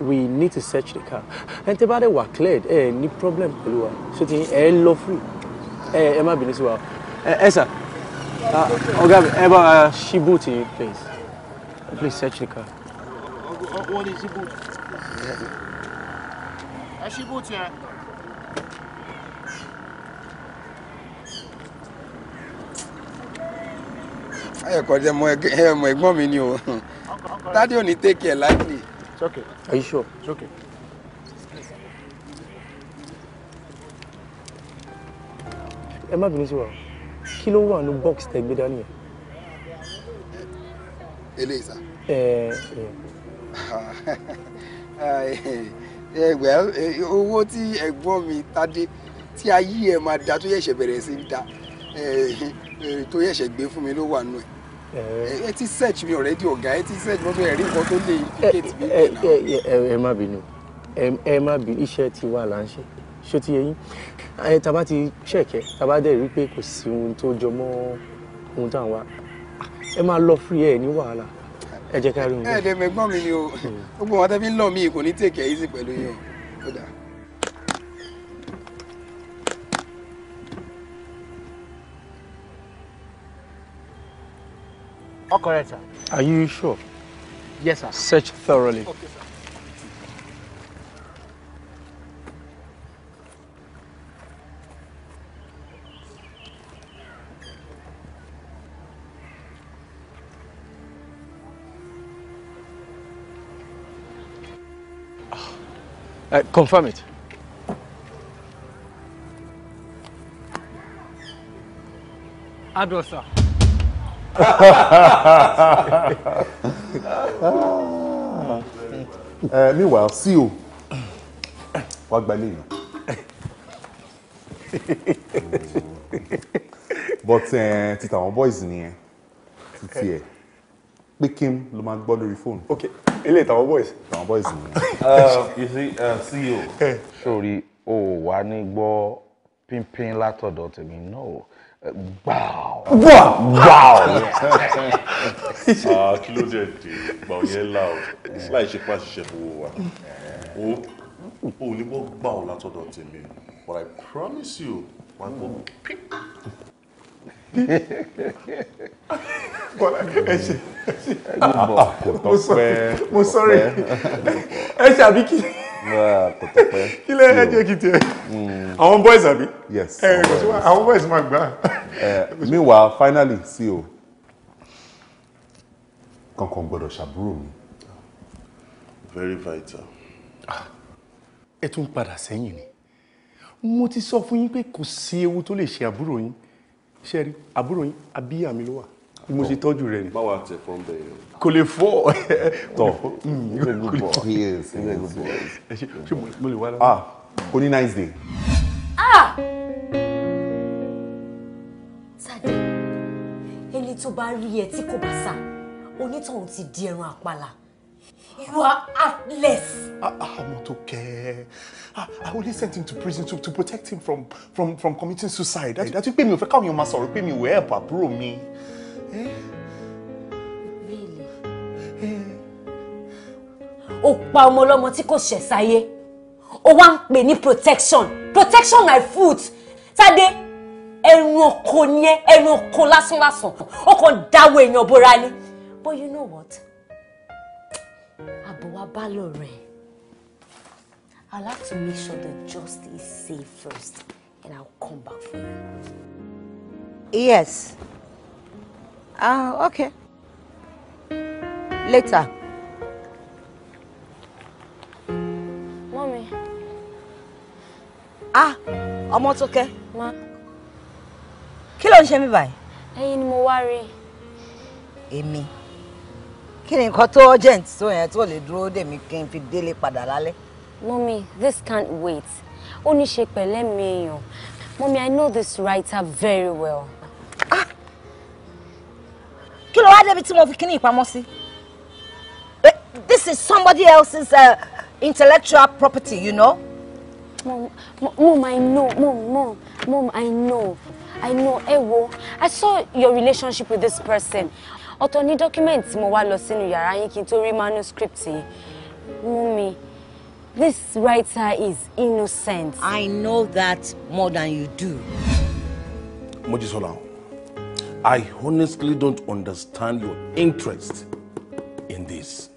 we need to search the car. Ẹ tẹ́ bá dẹ̀ wà cleared, ẹ ní problem pẹ̀lú wa. Shotiyeyin, ẹ lọ free. Ẹ ẹ má bínú sí wa. Ẹ ẹ sà, uh, ọ̀gá mi, ẹ bá ṣí bóòtù please. Please search the car. Wọ́n ní ṣí bóòtù ẹ ṣí bùtì ẹ. ayọ̀kọ̀ jẹ́ ọmọ ẹ̀gbọ́n mi ni o dádì ò ní take care lightly. it's okay. are you sure. it's okay. ẹ má bínú sí wa kí ló wà ní box tẹgbẹ́ dání yẹn. eléyìí sá. ẹ ẹ. owó tí ẹ̀gbọ́n mi tadé tí ayé ẹ̀ máa da tó yẹ̀ṣẹ̀ bẹ̀rẹ̀ sí í da tó yẹ̀ṣẹ̀ gbé fún mi ló wà nù ẹ ti search mi already ọ̀gá ẹ ti search mọ́tò ẹ̀rí nǹkan tó lè implicate mi bẹ́ẹ̀ náà. ẹ má bínú ẹ má bínú iṣẹ́ ti wà là ń ṣe ṣó ti yẹ yín tàbá ti ṣẹ̀kẹ́ tàbá dẹ̀ rí pé kò sí ohun tó jọ mọ́ ohun tá à ẹ máa lọ free ẹ ní wàhálà ẹ jẹ́ ká rí wọn. ẹ ẹ̀dẹ̀ mẹ́gbọ́n mi ni o hmm. gbogbo wọn tẹ́bí ń lọ mí kò ní tèkẹ́ yìí sí pẹ̀lú yín o kódà. ọkọ rẹ ta. are you sure. yes sir. search thoroughly. Okay. Uh, confirm it. Adosa. uh, eh, meanwhile, see you. What ilé but uh, eh, títà àwọn boys nìyẹn Here, pick him. kí n ló máa gbọ́ lórí fóònù. ok boys. tàwọn boys nìyẹn you see uh, CEO sori o wà ní gbọ́ pínpín látọ̀dọ̀ tèmi no gbàù. gbàù. gbàù. kí ló dé dé gbàù yẹn là o láì ṣe pa ṣiṣẹ́ fowó wa o ò ní gbọ́ gbàù látọ̀dọ̀ tèmi but I promise you wà á gbọ́ pínpín. Bọ́lá ẹ ṣe mo sọrí mo sọrí ẹ ṣe àbí kí kí lẹ ẹ jẹ́ kí tiẹ̀ àwọn boys àbí àwọn boys máa gbà. meanwhile finally sí o kankan gbọ́dọ̀ ṣàbúrò mi. very vital. ẹ tún padà sẹ́yìn ni mo ti sọ fún yín pé kò sí ewu tó lè ṣe àbúrò yín ṣe rí àbúrò yín abíyá mi ló wà bí mo ṣe tọ́jú rẹ̀ ni. báwa ti fọ́n bẹ́ẹ̀. kò lè fọ́ ẹ tọ̀ mm. kò lè fọ́ ẹ ṣe mo lè wá lọ. ah o nice day. ah sade ẹni tó bá rí ẹ tí kò bá sá onítọ̀hún ti di ẹran àpàlà. You are heartless. I, I, I I only sent him to prison to, to protect him from, from, from committing suicide. That you pay me, for I call your master, pay me, where, help àbúrò me. Eh? Really? Oh, eh? Ó pa ọmọ ọlọ́mọ tí kò ṣẹ̀ sáyé. protection. Protection my foot. Tade, ẹranko ni ẹ́, ẹranko lásán lásán. Ó kàn dáwọ́ èèyàn bóra ni. But you know what? àbọ̀ wa bá re. I'll have to make sure the justice is safe first and I'll come back for you. Yes. Ah, uh, okay. Later. Mommy. Ah, ọmọ tó kẹ́. Ma. Kí ló ń ṣe mí báyìí? Ẹ̀yin ni mo wá rí. Èmi. E kí ni nǹkan tó urgent tó yẹn tó lè dúró dè mí kí n fi délé padà lálẹ́. mummy this can't wait ó ní ṣe pẹ̀lẹ́ mi èèyàn mummy i know this writer very well. Ah! kí ló wá débi tí mo fi kíní ìpamọ́ sí eh, this is somebody else's uh, intellectual property you know. Mom, mom, I know, mom, mom, mom, I know, I know. Ewo, I saw your relationship with this person ọ̀tọ̀ ní document tí mo wá lọ sínú yàrá yín kí n tó rí manuscript yìí Mummy, this writer is innocent. I know that more than you do. Mojisola, I honestly don't understand your interest in this.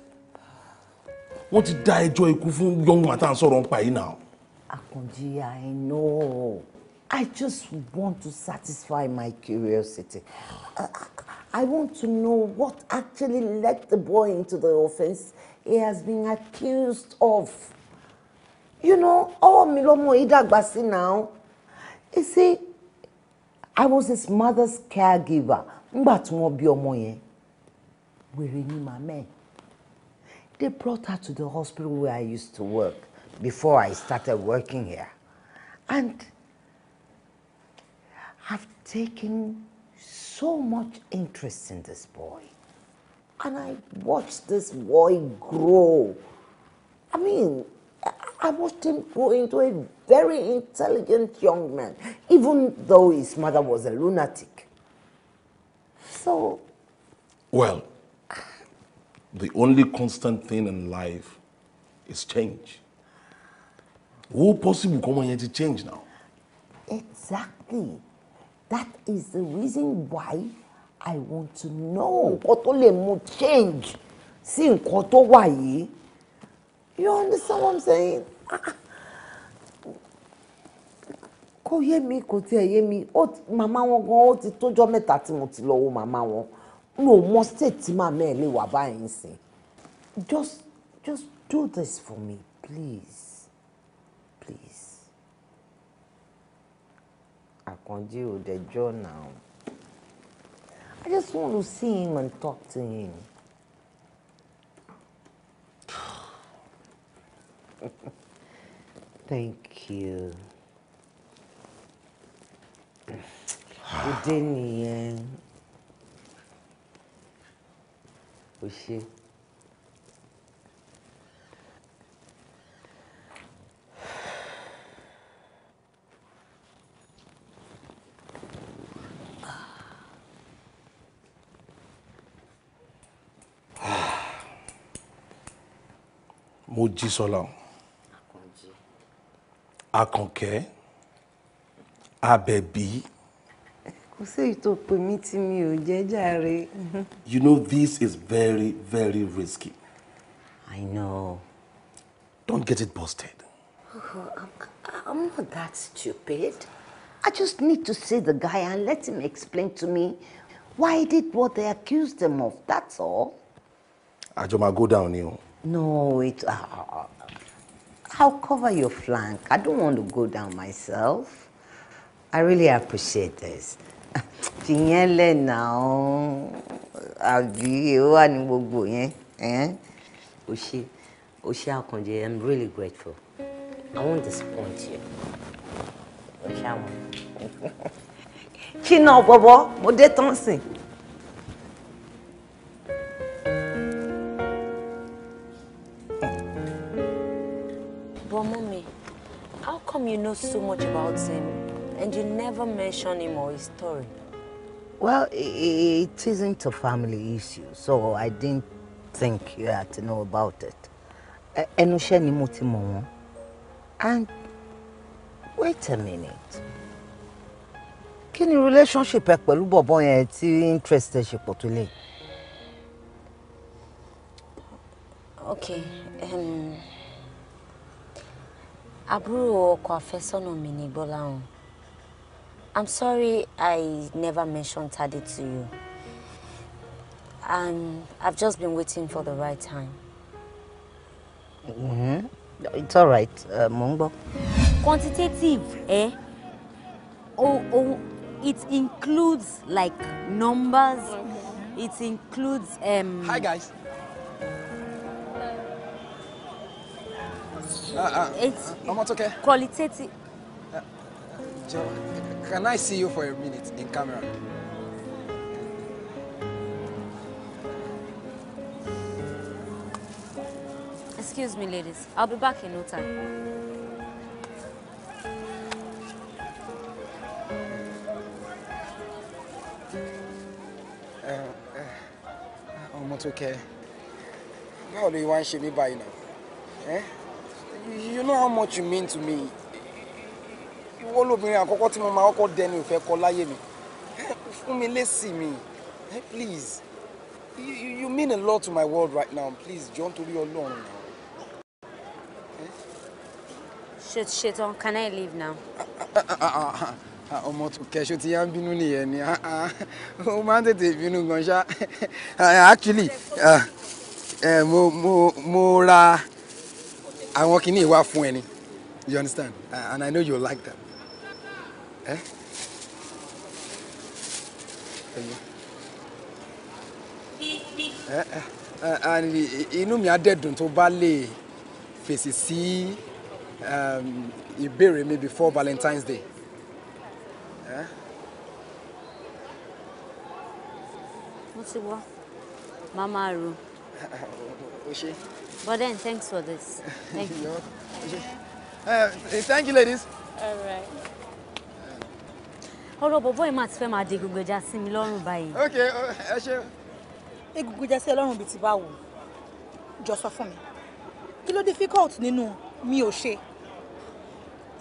Wọ́n ti dá ẹjọ́ ikú fún young man tá à ń sọ̀rọ̀ ń pa yìí náà. Akunji, I know. I just want to satisfy my curiosity. I, I want to know what actually led the boy into the offense he has been accused of. You know, ọwọ́ mi lọ́mọ yìí now. You see, I was his mother's caregiver ngbà tí wọ́n bí ni màmá ẹ̀. They brought her to the hospital where I used to work before I started working here. And I've taken so much interest in this boy. And I watched this boy grow. I mean, I watched him grow into a very intelligent young man, even though his mother was a lunatic. So. Well, the only constant thing in life is change. Who possible come and change now? Exactly that is the reason why I want to know nǹkan tó lè mú change sí nǹkan tó wà yìí you understand what I'm saying ah, ah. kò yé mi kò tiẹ̀ yé mi màmá wọn gan ó ti tójọ́ mẹ́ta tí mo ti lọ wo màmá wọn n ò mọ state tí màmá ẹ̀ wà báyìí sìn just just do this for me please. Akonji the now. I just want to see him and talk to him. Thank you. Good day, Nien. Mojísọ́lá Àkànkẹ́ Àbẹ̀bí. kò sí èyí tó pè mí tí mi ò jẹ́ jàre. you know this is very very risky. I know. Don't get it busted. Oh, I'm, I'm not that stupid. I just need to see the guy and let him explain to me why he did what they accused him of. That's all. Ajọ ma go down ni o. No, it. Uh, I'll cover your flank. I don't want to go down myself. I really appreciate this. Fìyẹn now, I'll be ó wà ní gbogbo yẹn. O eh? ṣe O I'm really grateful. I won't disappoint you. O ṣe àwọn. Kí náà bọ́bọ́, mo dé know so much about him, and you never mention him or his story. Well, it isn't a family issue, so I didn't think you had to know about it. E, ẹnu iṣẹ́ And wait a minute. Kí ni relationship ẹ pẹ̀lú bọ̀bọ̀ yẹn tí interest ẹ ṣe pọ̀ tó lè? Okay. Um àbúrò I'm sorry I never mentioned Tade to you. And I've just been waiting for the right time. Mm-hmm. It's all right. Uh, mo ń Quantitative, eh? Oh, oh, it includes like numbers. It includes um. Hi guys. Uh, uh, It's okay. qualitative. Joe, can I see you for a minute in camera? Excuse me, ladies. I'll be back in no time. ọmọ tó kẹ báwo ló wá me ṣe mí báyìí náà eh? you know how much you mean to me ìwọ lóbìnrin àkọ́kọ́ tí mo máa kọ́kọ́ dẹnu ìfẹ́ kọ láyé mi fún mi lésì mi please you, you mean a lot to my world right now please jọ nítorí ọlọ́run náà. Shit, shit, um, can I leave now? ọmọ tó kẹṣọ tí yá ń bínú nìyẹn ni ah, ah. ó máa ń tètè bínú gan ṣá ah, actually eh, mo mo mo ra. Uh, àwọn kìíní wà fún ẹni you understand uh, and I know you like that. Eh? eh? Eh, eh, and inú mi á dẹ̀dùn tó bá lè fèsì sí um, ìbéèrè mi before Valentine's Day. Eh? mo ti wọ màmá ro. o ṣe. But then, thanks for this. Thank you. uh, thank you, ladies. All right. ọ̀rọ̀ bọ̀bọ̀ yìí máa ti fẹ́ máa di egungun ẹja sí mi lọ́rùn báyìí. ok ẹ ṣe. egungun ẹja sí ẹ lọ́rùn bíi ti báwo jọ sọ fún mi kí ló difficult nínú mi ò ṣe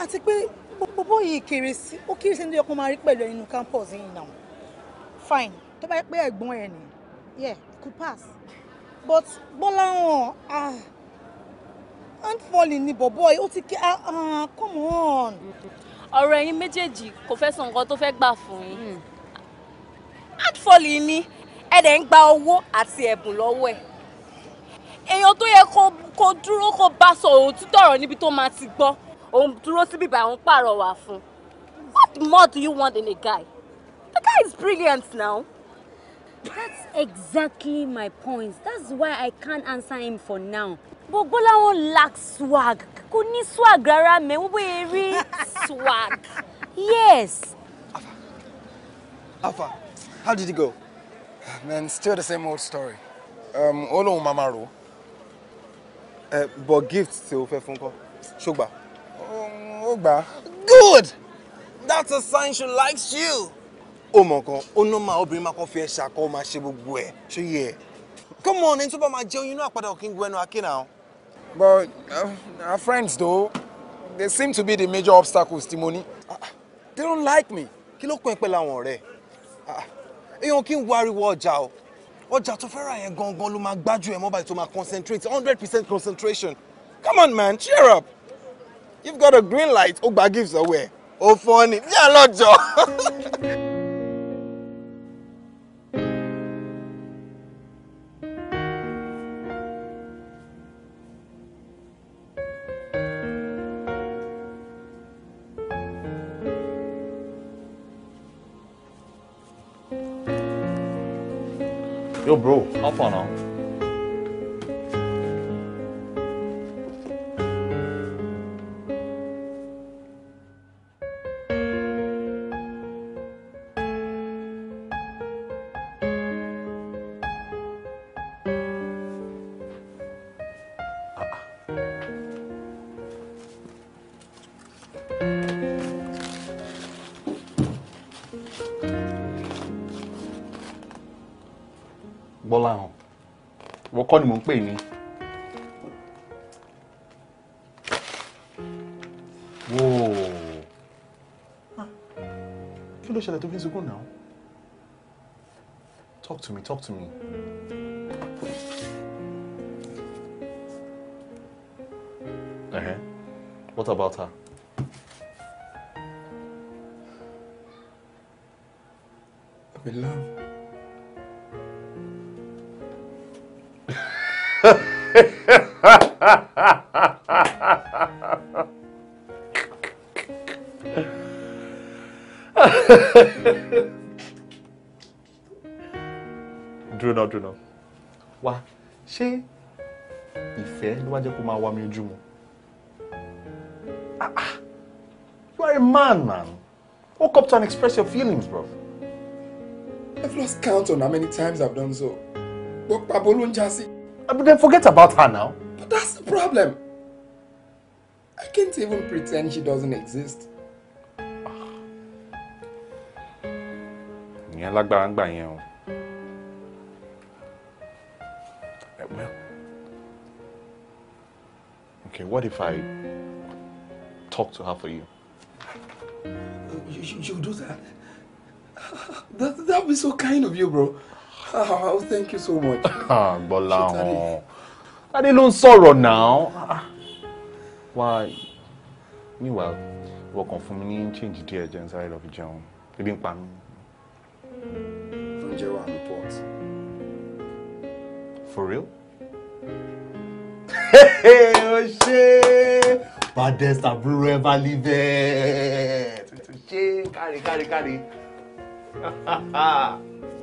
àti pé bọ̀bọ̀ yìí kéré sí ó kéré sí ní ọkùnrin máa rí pẹ̀lú ẹ nínú campus yìí náà fine tó bá yẹ pé ẹ̀gbọ́n ẹ nì yeah it could pass but Gbọ́láhàn ah handballing ni bọ̀bọ̀ ó ti kí ah ah come on. ọ̀rọ̀ ẹ̀yin méjèèjì kò fẹ́ sọ nǹkan tó fẹ́ gbà fún yín hmm. handballing ni ẹ̀dẹ̀ ń gba owó àti ẹ̀bùn lọ́wọ́ ẹ̀ èèyàn tó yẹ kó dúró kó bá sọ òtítọ́ ọ̀rọ̀ níbi tó máa ti gbọ́ òun dúró síbi ìbá òun pàrọwà fún what more do you want in a guy the guy is brilliant now. That's exactly my point. That's why I can't answer him for now. But won't lack swag. Kò ní swag rárá mẹ́, wọ́n swag. Yes. Alpha. Alpha, how did it go? Man, still the same old story. Um, olo máa máa rò. Uh, but gift tí o fẹ́ fún um, Good! That's a sign she likes you ó mọ̀ kan ó ná máa obìnrin máa kọ́ fi ẹ̀ṣà kọ́ máa ṣe gbogbo ẹ̀ ṣó yẹ come on ẹni tó bá máa jẹun inú àpàdà òkè gbẹnu aké but uh, our friends though they seem to be the major obstacles tí mo ní. Ah, ah, they don't like me. kí ló pín pẹ̀lú àwọn ọ̀rẹ́ ah, èèyàn kí n wo ariwo ọjà o ọjà tó fẹ́ ra yẹn gangan ló máa gbájú ẹ̀ mọ́ báyìí tó máa concentrate hundred percent concentration come on man cheer up you've got a green light ó gba gifts ọwọ́ ẹ̀ ó fọ́ ni ní àlọ́jọ́. Yo, bro. How far wọ́n kọ́ ni mò ń pè ní. kí ló ṣẹlẹ̀ tó fi ń sunkún náà talk to me talk to me. Uh-huh. What about her? I'm in love. dúró náà dúró náà wá ṣé ìfẹ́ ló wá jẹ́ kó máa wá mi ojú mu ah ah you are a man man Woke up to and express your feelings bro. I've lost count on how many times I've done so. But Pabolo Njasi. But then forget about her now. But that's the problem. I can't even pretend she doesn't exist. ìyẹn lágbára ń gbà yẹn o. Eh, well okay what if I talk to her for you. you, you, do that. that that be so kind of you bro. Oh, thank you so much. Ah, Bọ́lá ọ̀hún. Adé ló ń sọ̀rọ̀ náà. Wá meanwhile, ìwọ kàn fún mi change the jẹ́ ń sáré lọ fi jẹun. Ebi ń Njewa report. For real? Hey, oh shit! Baddest àbúrò ever lived. Ṣé carry, carry. kárí.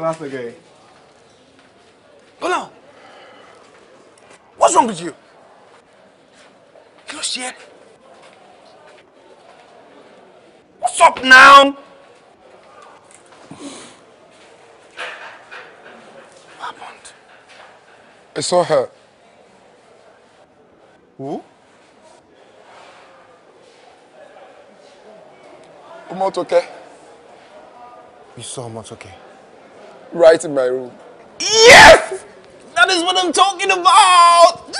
klasę gej. Golão! What's wrong with you? Kí ló What's up now? What happened? I saw her. Who? Omotoke. You saw okay right in my room. Yes! That is what I'm talking about!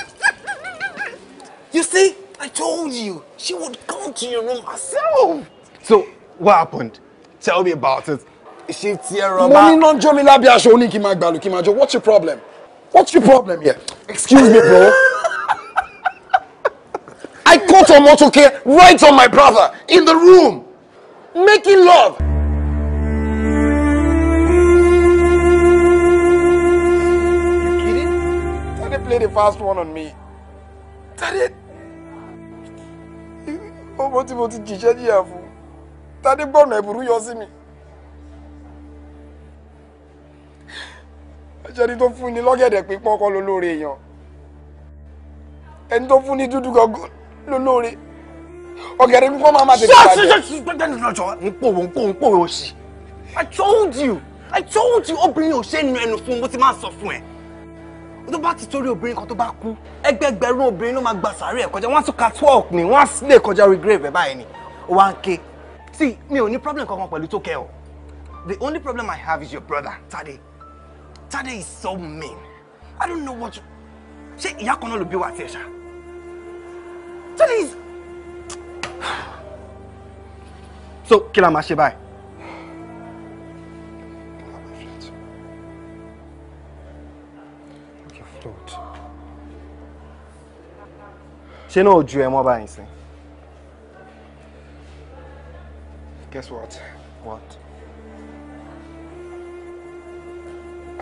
you see, I told you, she would come to your room herself. So, what happened? Tell me about it. Is She tearing up. Money non jolly labi aṣọ oni ki ma gbalu What's your problem? What's your problem here? Excuse me, bro. I caught a motor care right on my brother in the room, making love. play the fast one on me. Tade owó tí mo ti jìṣẹ́ jìyà fún Tade gbọ́nà ẹ̀bùrú yọ sí mi. Ẹ̀ṣẹ̀ni tó fún ni lọ́gẹ̀dẹ̀ pípọ́n kọ́ lólóore èèyàn. Ẹni tó fún ni dúdú gangan lólóore. Ọ̀gẹ̀dẹ̀ pípọ́n máa ma Shut bàjẹ́. Shut ṣe ṣe ṣe ń pòwò ń pòwò ń pòwò òsì. I told you I told you obìnrin ò ṣe é nu ẹnu fun, mo ti máa sọ fún ẹ tó bá ti torí obìnrin kan tó bá kú ẹgbẹgbẹ̀rún obìnrin ló máa gba sàárè ẹ̀ kọjá wọ́n á tún ni wọ́n á lè kọjá orí grave ẹ̀ báyìí ni ó wá ń ké sí mi ò ní problem kankan pẹ̀lú tó kẹ́ ọ the only problem I have is your brother Tade Tade is so mean I don't know what you ṣé ìyá kan náà ló bí wa tiẹ̀ ṣá Tade is so kí la máa ṣe báyìí. ṣé náà ju ẹ mọ́ báyìí sí. guess what. what.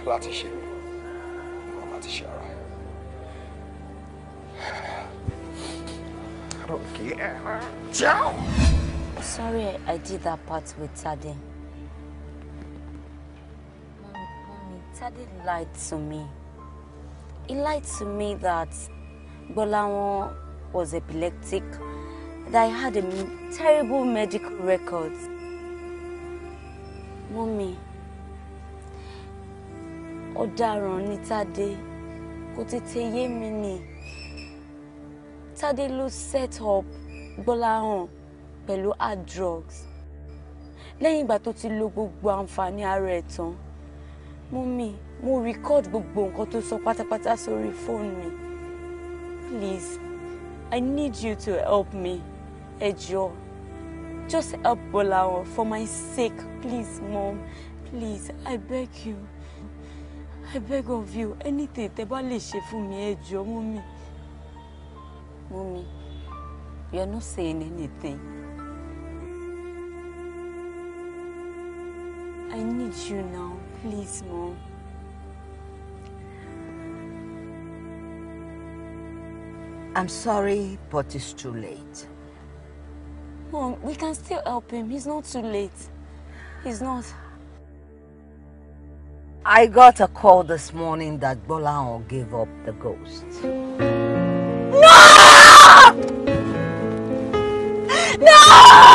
láti ṣe mí wọn láti ṣe ara I Ciao. Sorry, I did that part with Tade. Mommy, mommy, lied to me. He lied to me that Gbọ́láwọn was epileptic, that I had a terrible medical record. Mọ́mí, ọ̀daràn ni Tádé, kò tètè yé mi ni. Tádé ló set up Gbọ́láhàn pẹ̀lú hard drugs. Lẹ́yìn ìgbà tó ti lo gbogbo àǹfààní ara ẹ̀ tán, mọ́mí, mo record gbogbo nǹkan tó sọ pátápátá sórí fóònù mi. Please. I need you to help me, Ejo. Just help Bolawo for my sake, please, Mom. Please, I beg you. I beg of you. Anything tẹ́ for me, ṣe fún mi, Ejo, Mommy. Mommy, you are not saying anything. I need you now, please, Mom. I'm sorry, but it's too late. Mom, we can still help him. He's not too late. He's not. I got a call this morning that Bolao gave up the ghost. No! No!